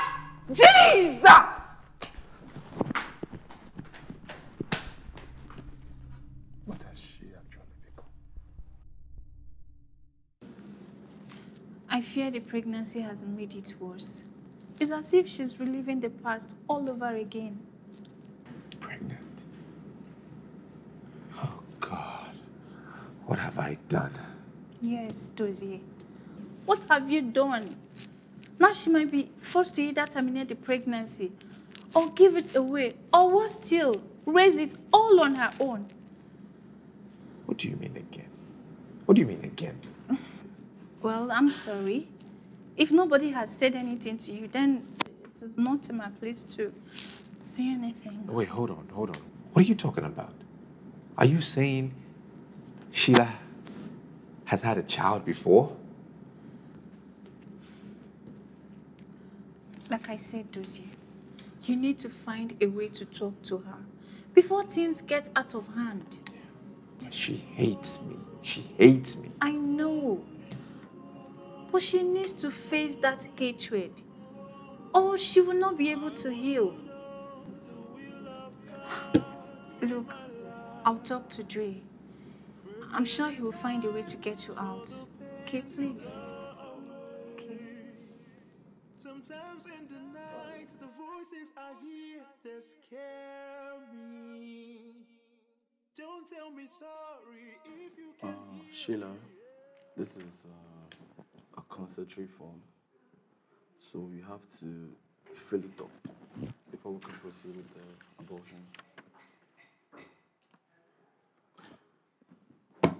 Jesus? What has she actually become? I fear the pregnancy has made it worse. It's as if she's reliving the past all over again. What have I done? Yes, Dozie. What have you done? Now she might be forced to either terminate the pregnancy or give it away or worse still, raise it all on her own. What do you mean again? What do you mean again? well, I'm sorry. If nobody has said anything to you, then it is not my place to say anything. Wait, hold on, hold on. What are you talking about? Are you saying Sheila has had a child before. Like I said, Dozie, you need to find a way to talk to her before things get out of hand. She hates me. She hates me. I know. But she needs to face that hatred or she will not be able to heal. Look, I'll talk to Dre. I'm sure he will find a way to get you out. Okay, please. Okay. Sometimes in the night, the voices I hear, they scare me. Don't tell me sorry if you can uh, Sheila, this is uh, a concentrate form. So you have to fill it up before we can proceed with the abortion.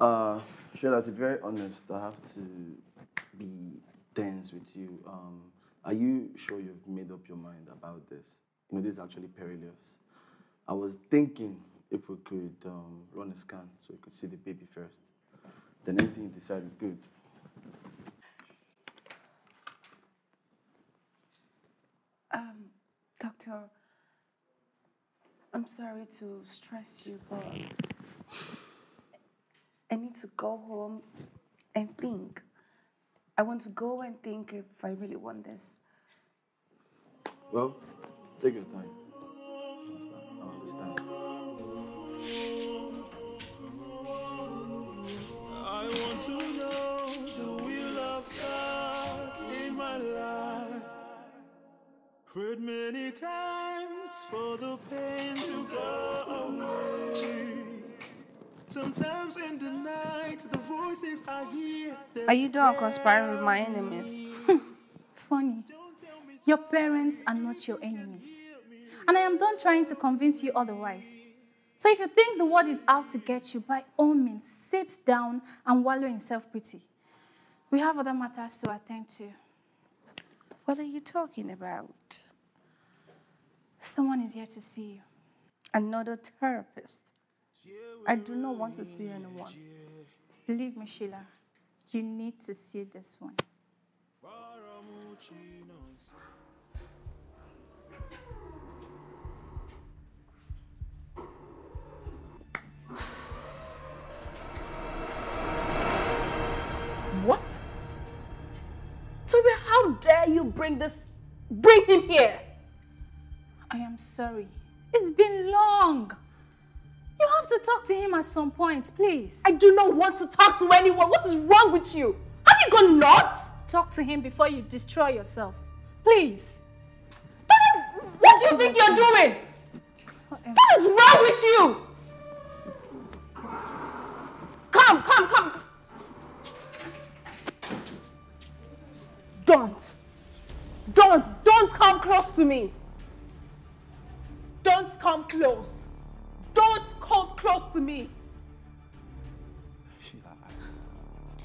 Uh, to be very honest, I have to be dense with you. Um, are you sure you've made up your mind about this? You know, this is actually perilous. I was thinking if we could um, run a scan so we could see the baby first. Then anything you decide is good. Um, doctor, I'm sorry to stress you, but I need to go home and think. I want to go and think if I really want this. Well, take your time. I understand. I want to know the will of God in my life. Prayed many times for the pain to go away. Sometimes in the night, the voices I hear. Are you doing conspiring conspire with my enemies? Funny. Your parents are not your enemies. And I am done trying to convince you otherwise. So if you think the world is out to get you, by all means, sit down and wallow in self pity. We have other matters to attend to. What are you talking about? Someone is here to see you. Another therapist. I do not want to see anyone. Believe me, Sheila, you need to see this one. What? Toby, how dare you bring this, bring him here? I am sorry. It's been long. You have to talk to him at some point, please. I do not want to talk to anyone. What is wrong with you? Have you gone nuts? Talk to him before you destroy yourself. Please. Daddy, what do you think you're doing? What is wrong with you? Come, come, come. Don't. Don't, don't come close to me. Don't come close. Don't come close to me. Sheila, I,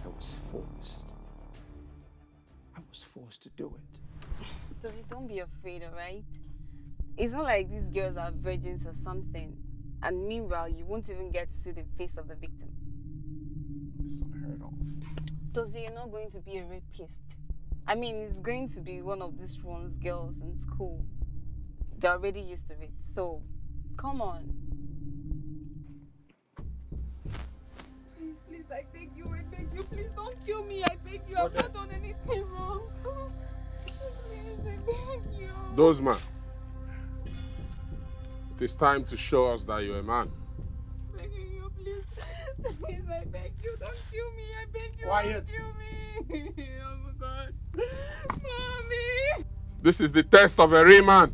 I was forced. I was forced to do it. Don't, don't be afraid, all right? It's not like these girls are virgins or something. And meanwhile, you won't even get to see the face of the victim. It's unheard of. Dozie, you're not going to be a rapist. I mean, it's going to be one of these one's girls in school. They're already used to it, so come on. you. Please don't kill me. I beg you. I've not done anything wrong. Please, I beg you. it is time to show us that you're a man. Begging you, please. Please, I beg you. Don't kill me. I beg you. Quiet. Don't kill me. Oh, my God. Mommy. This is the test of a real man.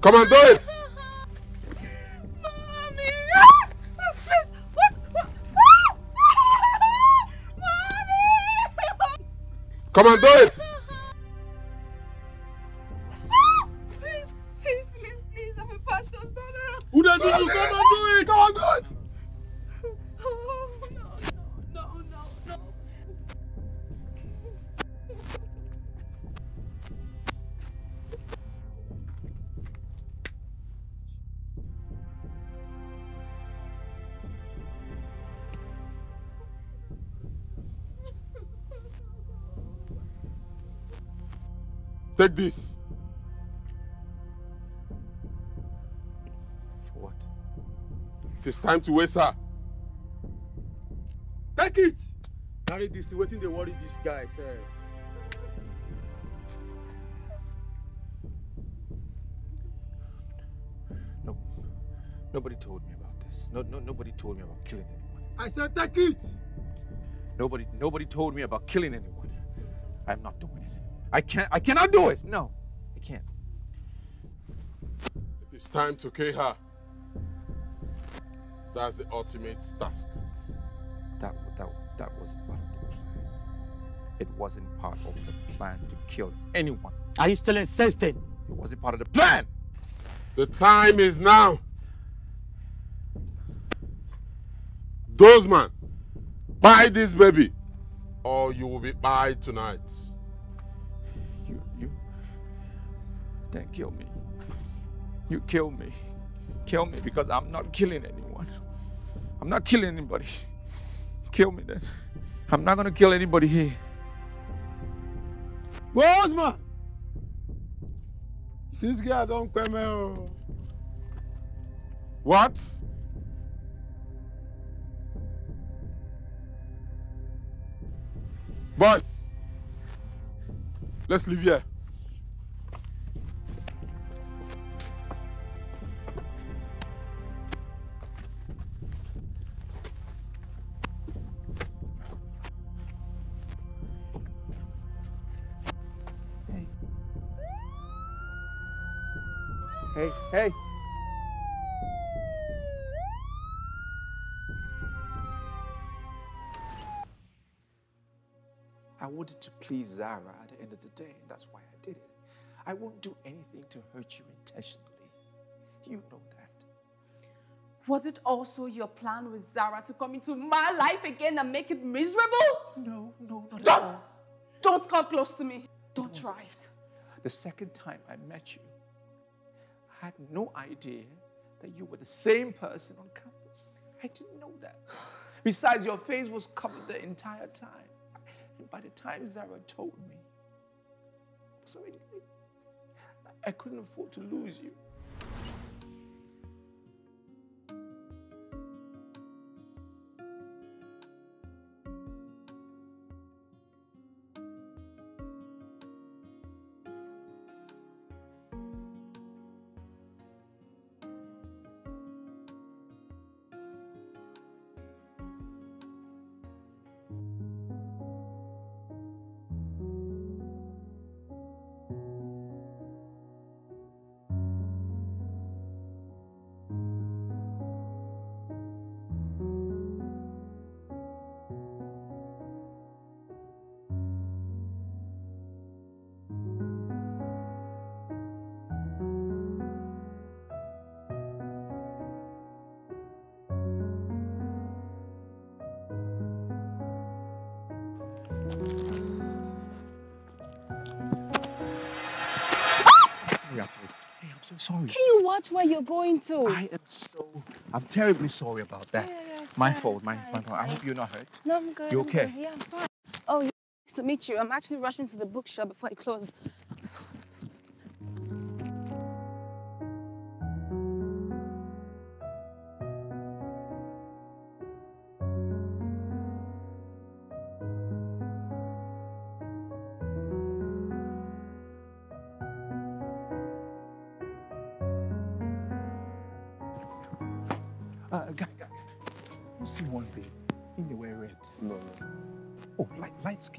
Come and do it. Come and do it. please, please, please, please, I'm a pastor's daughter. Who does this? Come and do it. Come and do it. Take this. For what? It is time to waste her. Take it! Carry this to waiting they worry this guy Sir. No. Nobody told me about this. No, no, nobody told me about killing anyone. I said take it! Nobody, nobody told me about killing anyone. I'm not doing it. I can't, I cannot do it. No, I can't. It is time to kill her. That's the ultimate task. That, that, that was part of the plan. It wasn't part of the plan to kill anyone. Are you still insisting? It wasn't part of the plan! The time is now. Those man, buy this baby or you will be by tonight. Then kill me. You kill me. Kill me because I'm not killing anyone. I'm not killing anybody. Kill me then. I'm not gonna kill anybody here. Well, Osman! This guy don't come here. Oh. What? Boys, let's leave here. Hey. I wanted to please Zara at the end of the day, and that's why I did it. I won't do anything to hurt you intentionally. You know that. Was it also your plan with Zara to come into my life again and make it miserable? No, no, not Don't! Don't come close to me. Don't try it. The second time I met you, had no idea that you were the same person on campus. I didn't know that. Besides, your face was covered the entire time. And by the time Zara told me, it was already late. I couldn't afford to lose you. watch where you're going to. I am so. I'm terribly sorry about that. Yeah, yeah, my fine, fault. My, fine, my fault. I hope you're not hurt. No, I'm good. You okay? Yeah, I'm fine. Oh, nice to meet you. I'm actually rushing to the bookshop before I close.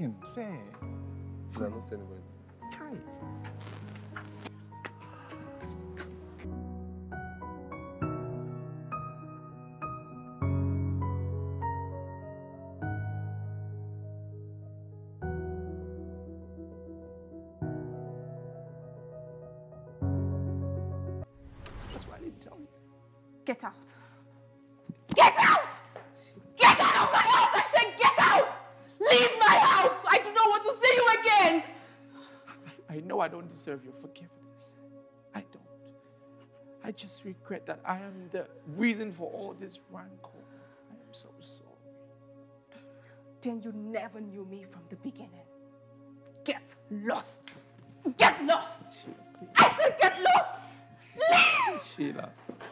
chicken. Say. No, I'm not saying anybody. Get out. don't deserve your forgiveness. I don't. I just regret that I am the reason for all this rancor. I am so sorry. Then you never knew me from the beginning. Get lost. Get lost. Sheila, I said get lost. Leave. Sheila.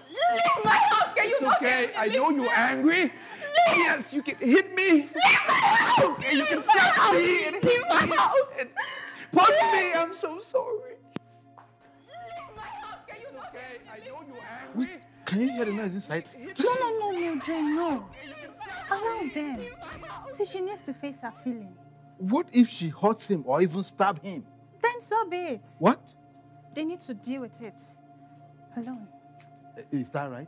Leave my house. Can it's okay. I know you're angry. Leave. Yes, you can hit me. Leave my house. Okay, you can slap me and hit my me. house. And punch me. I'm so sorry. It's okay. I know you're angry. Wait, can you hear the noise inside? No, no, no, no, Jane, no. Allow them. See, she needs to face her feeling. What if she hurts him or even stab him? Then so be it. What? They need to deal with it. Alone. Eh, is that right?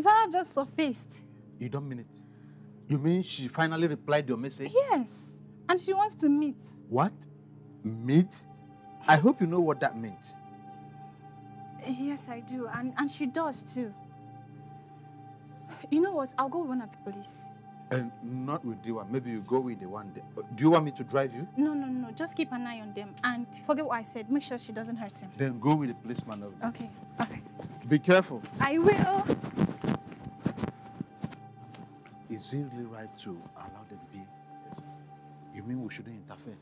Zara just surfaced. You don't mean it? You mean she finally replied your message? Yes. And she wants to meet. What? Meet? I hope you know what that means. Yes, I do. And, and she does too. You know what? I'll go with one of the police. And not with the one. Maybe you go with the one. There. Do you want me to drive you? No, no, no. Just keep an eye on them. And forget what I said. Make sure she doesn't hurt him. Then go with the policeman. Over okay. Okay. Be careful. I will. Is it really right to allow them be? Yes. You mean we shouldn't interfere?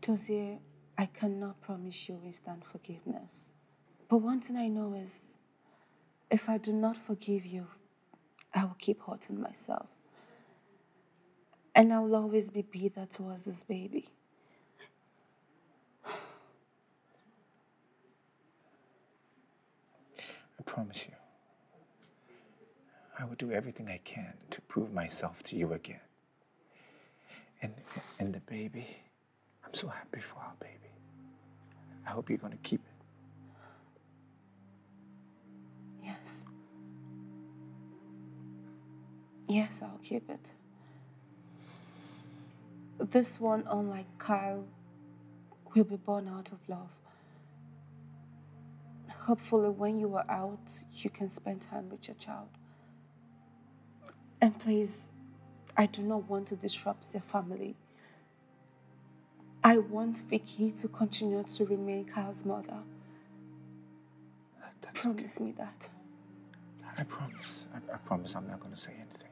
Dozier, I cannot promise you instant forgiveness. But one thing I know is if I do not forgive you, I will keep hurting myself. And I will always be bitter towards this baby. I promise you, I will do everything I can to prove myself to you again. And, and the baby, I'm so happy for our baby. I hope you're going to keep it. Yes. Yes, I'll keep it. This one, unlike Kyle, will be born out of love. Hopefully, when you are out, you can spend time with your child. And please, I do not want to disrupt their family. I want Vicky to continue to remain Kyle's mother. That's Promise okay. me that. I promise. I, I promise I'm not going to say anything.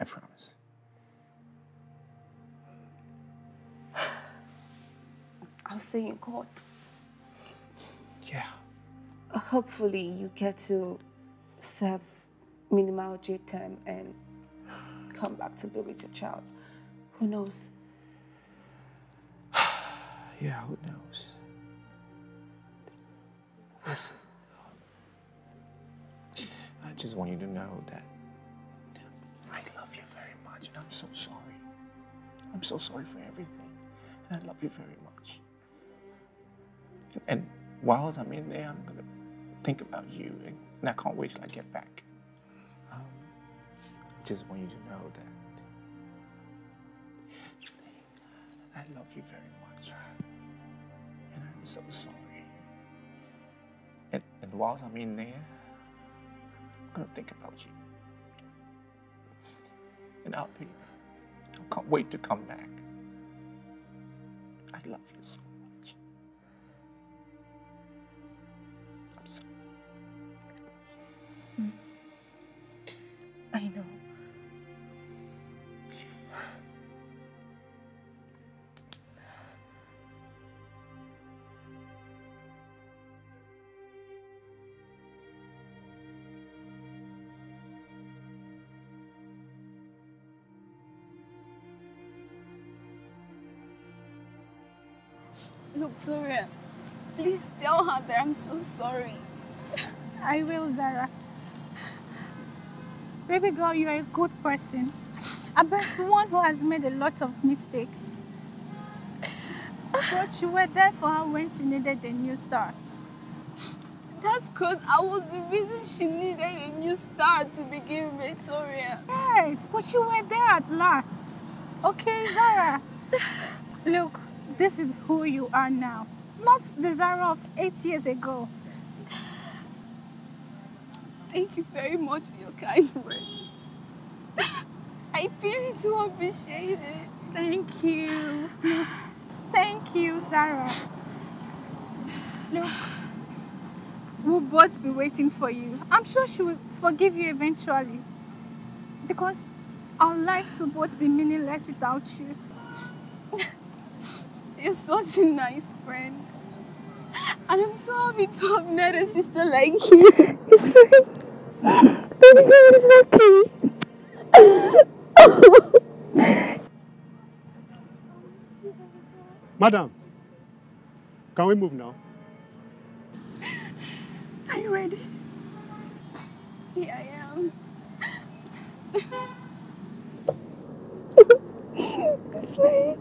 I promise. I'll see you in court. Yeah. Uh, hopefully you get to serve minimal jail time and come back to be with your child. Who knows? yeah, who knows? Listen just want you to know that I love you very much and I'm so sorry. I'm so sorry for everything and I love you very much. And whilst I'm in there, I'm going to think about you and, I can't wait till I get back. Um, I just want you to know that I love you very much and I'm so sorry. And, and whilst I'm in there, I'm gonna think about you. And I'll be, I can't wait to come back. I love you so Please tell her that I'm so sorry. I will, Zara. Baby girl, you are a good person. bet one who has made a lot of mistakes. But you were there for her when she needed a new start. That's because I was the reason she needed a new start to begin Victoria. Yes, but you were there at last. Okay, Zara. Look, this is who you are now not the Zara of eight years ago. Thank you very much for your kind words. I really do appreciate it. Thank you. Thank you, Zara. Look, we'll both be waiting for you. I'm sure she will forgive you eventually. Because our lives will both be meaningless without you. You're such a nice friend. And I'm so happy to have met a sister like you. It's fine. Baby girl, it's okay. Madam, can we move now? Are you ready? Here I am. it's fine.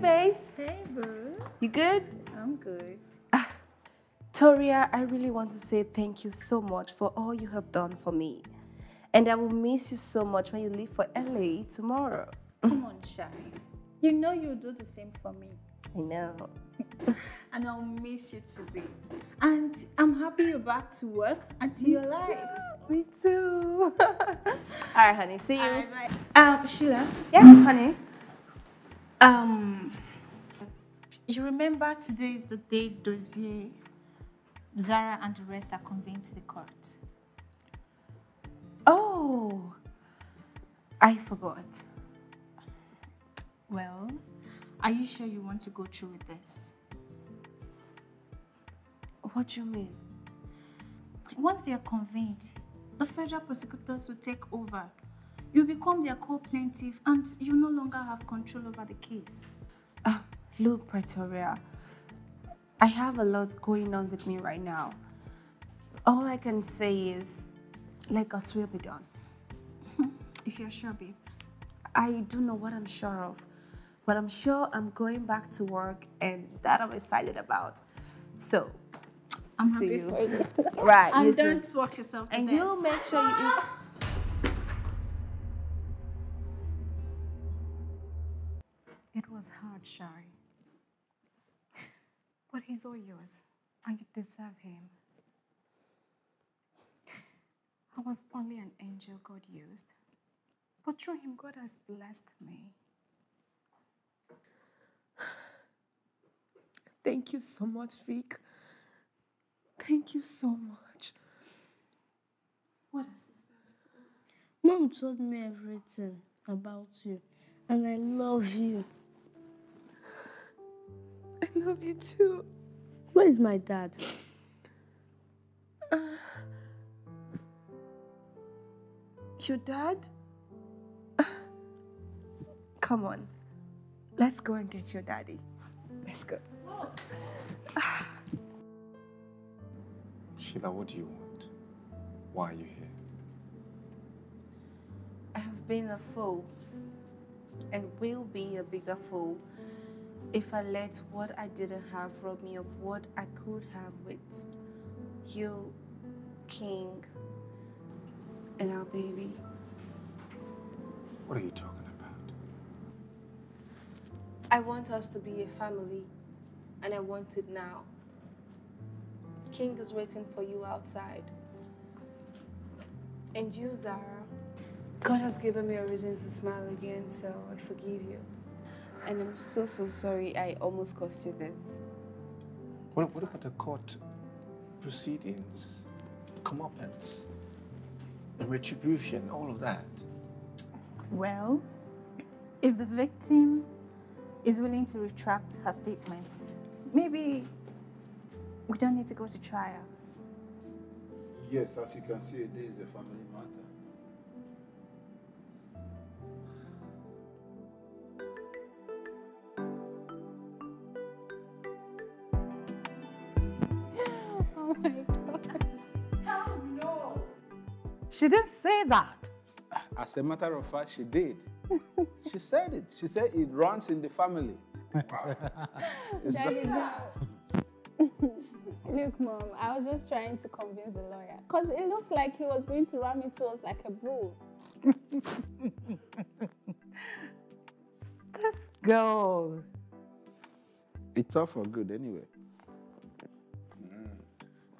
babes. Hey, boo. You good? I'm good. Ah, Toria, I really want to say thank you so much for all you have done for me. And I will miss you so much when you leave for LA tomorrow. Come on, Shai. You know you'll do the same for me. I know. and I'll miss you too, babes. And I'm happy you're back to work and to me your too. life. Me too. all right, honey. See you. bye. Um, Sheila. Yes, honey. Um, you remember today is the day Dozier, Zara, and the rest are convened to the court. Oh, I forgot. Well, are you sure you want to go through with this? What do you mean? Once they are convened, the federal prosecutors will take over you become their co-plaintiff and you no longer have control over the case. Uh, look, Pretoria, I have a lot going on with me right now. All I can say is, let God's will be done. if you're sure, babe. I do know what I'm sure of, but I'm sure I'm going back to work and that I'm excited about. So, I'm happy you. for you. right. And you don't too. work yourself to And death. you make sure you eat was hard, Shari. But he's all yours, and you deserve him. I was only an angel God used, but through him, God has blessed me. Thank you so much, Vic. Thank you so much. What is this? Mom told me everything about you, and I love you. I love you too. Where is my dad? Uh, your dad? Uh, come on. Let's go and get your daddy. Let's go. Sheila, what do you want? Why are you here? I have been a fool and will be a bigger fool if I let what I didn't have rob me of what I could have with you, King, and our baby. What are you talking about? I want us to be a family, and I want it now. King is waiting for you outside. And you, Zara, God has given me a reason to smile again, so I forgive you. And I'm so, so sorry I almost cost you this. What, what about the court proceedings, comeuppance, and retribution, all of that? Well, if the victim is willing to retract her statements, maybe we don't need to go to trial. Yes, as you can see, it is a family matter. She didn't say that. As a matter of fact, she did. she said it. She said it runs in the family. Daddy, Look, mom, I was just trying to convince the lawyer because it looks like he was going to ram me towards like a bull. this girl. It's all for good anyway. Mm.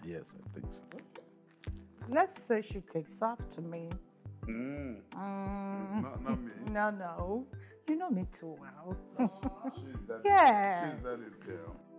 Yes, I think so. Let's say she takes after me. Mm. mm. not, not me. No, no. You know me too well. yeah. She's that girl.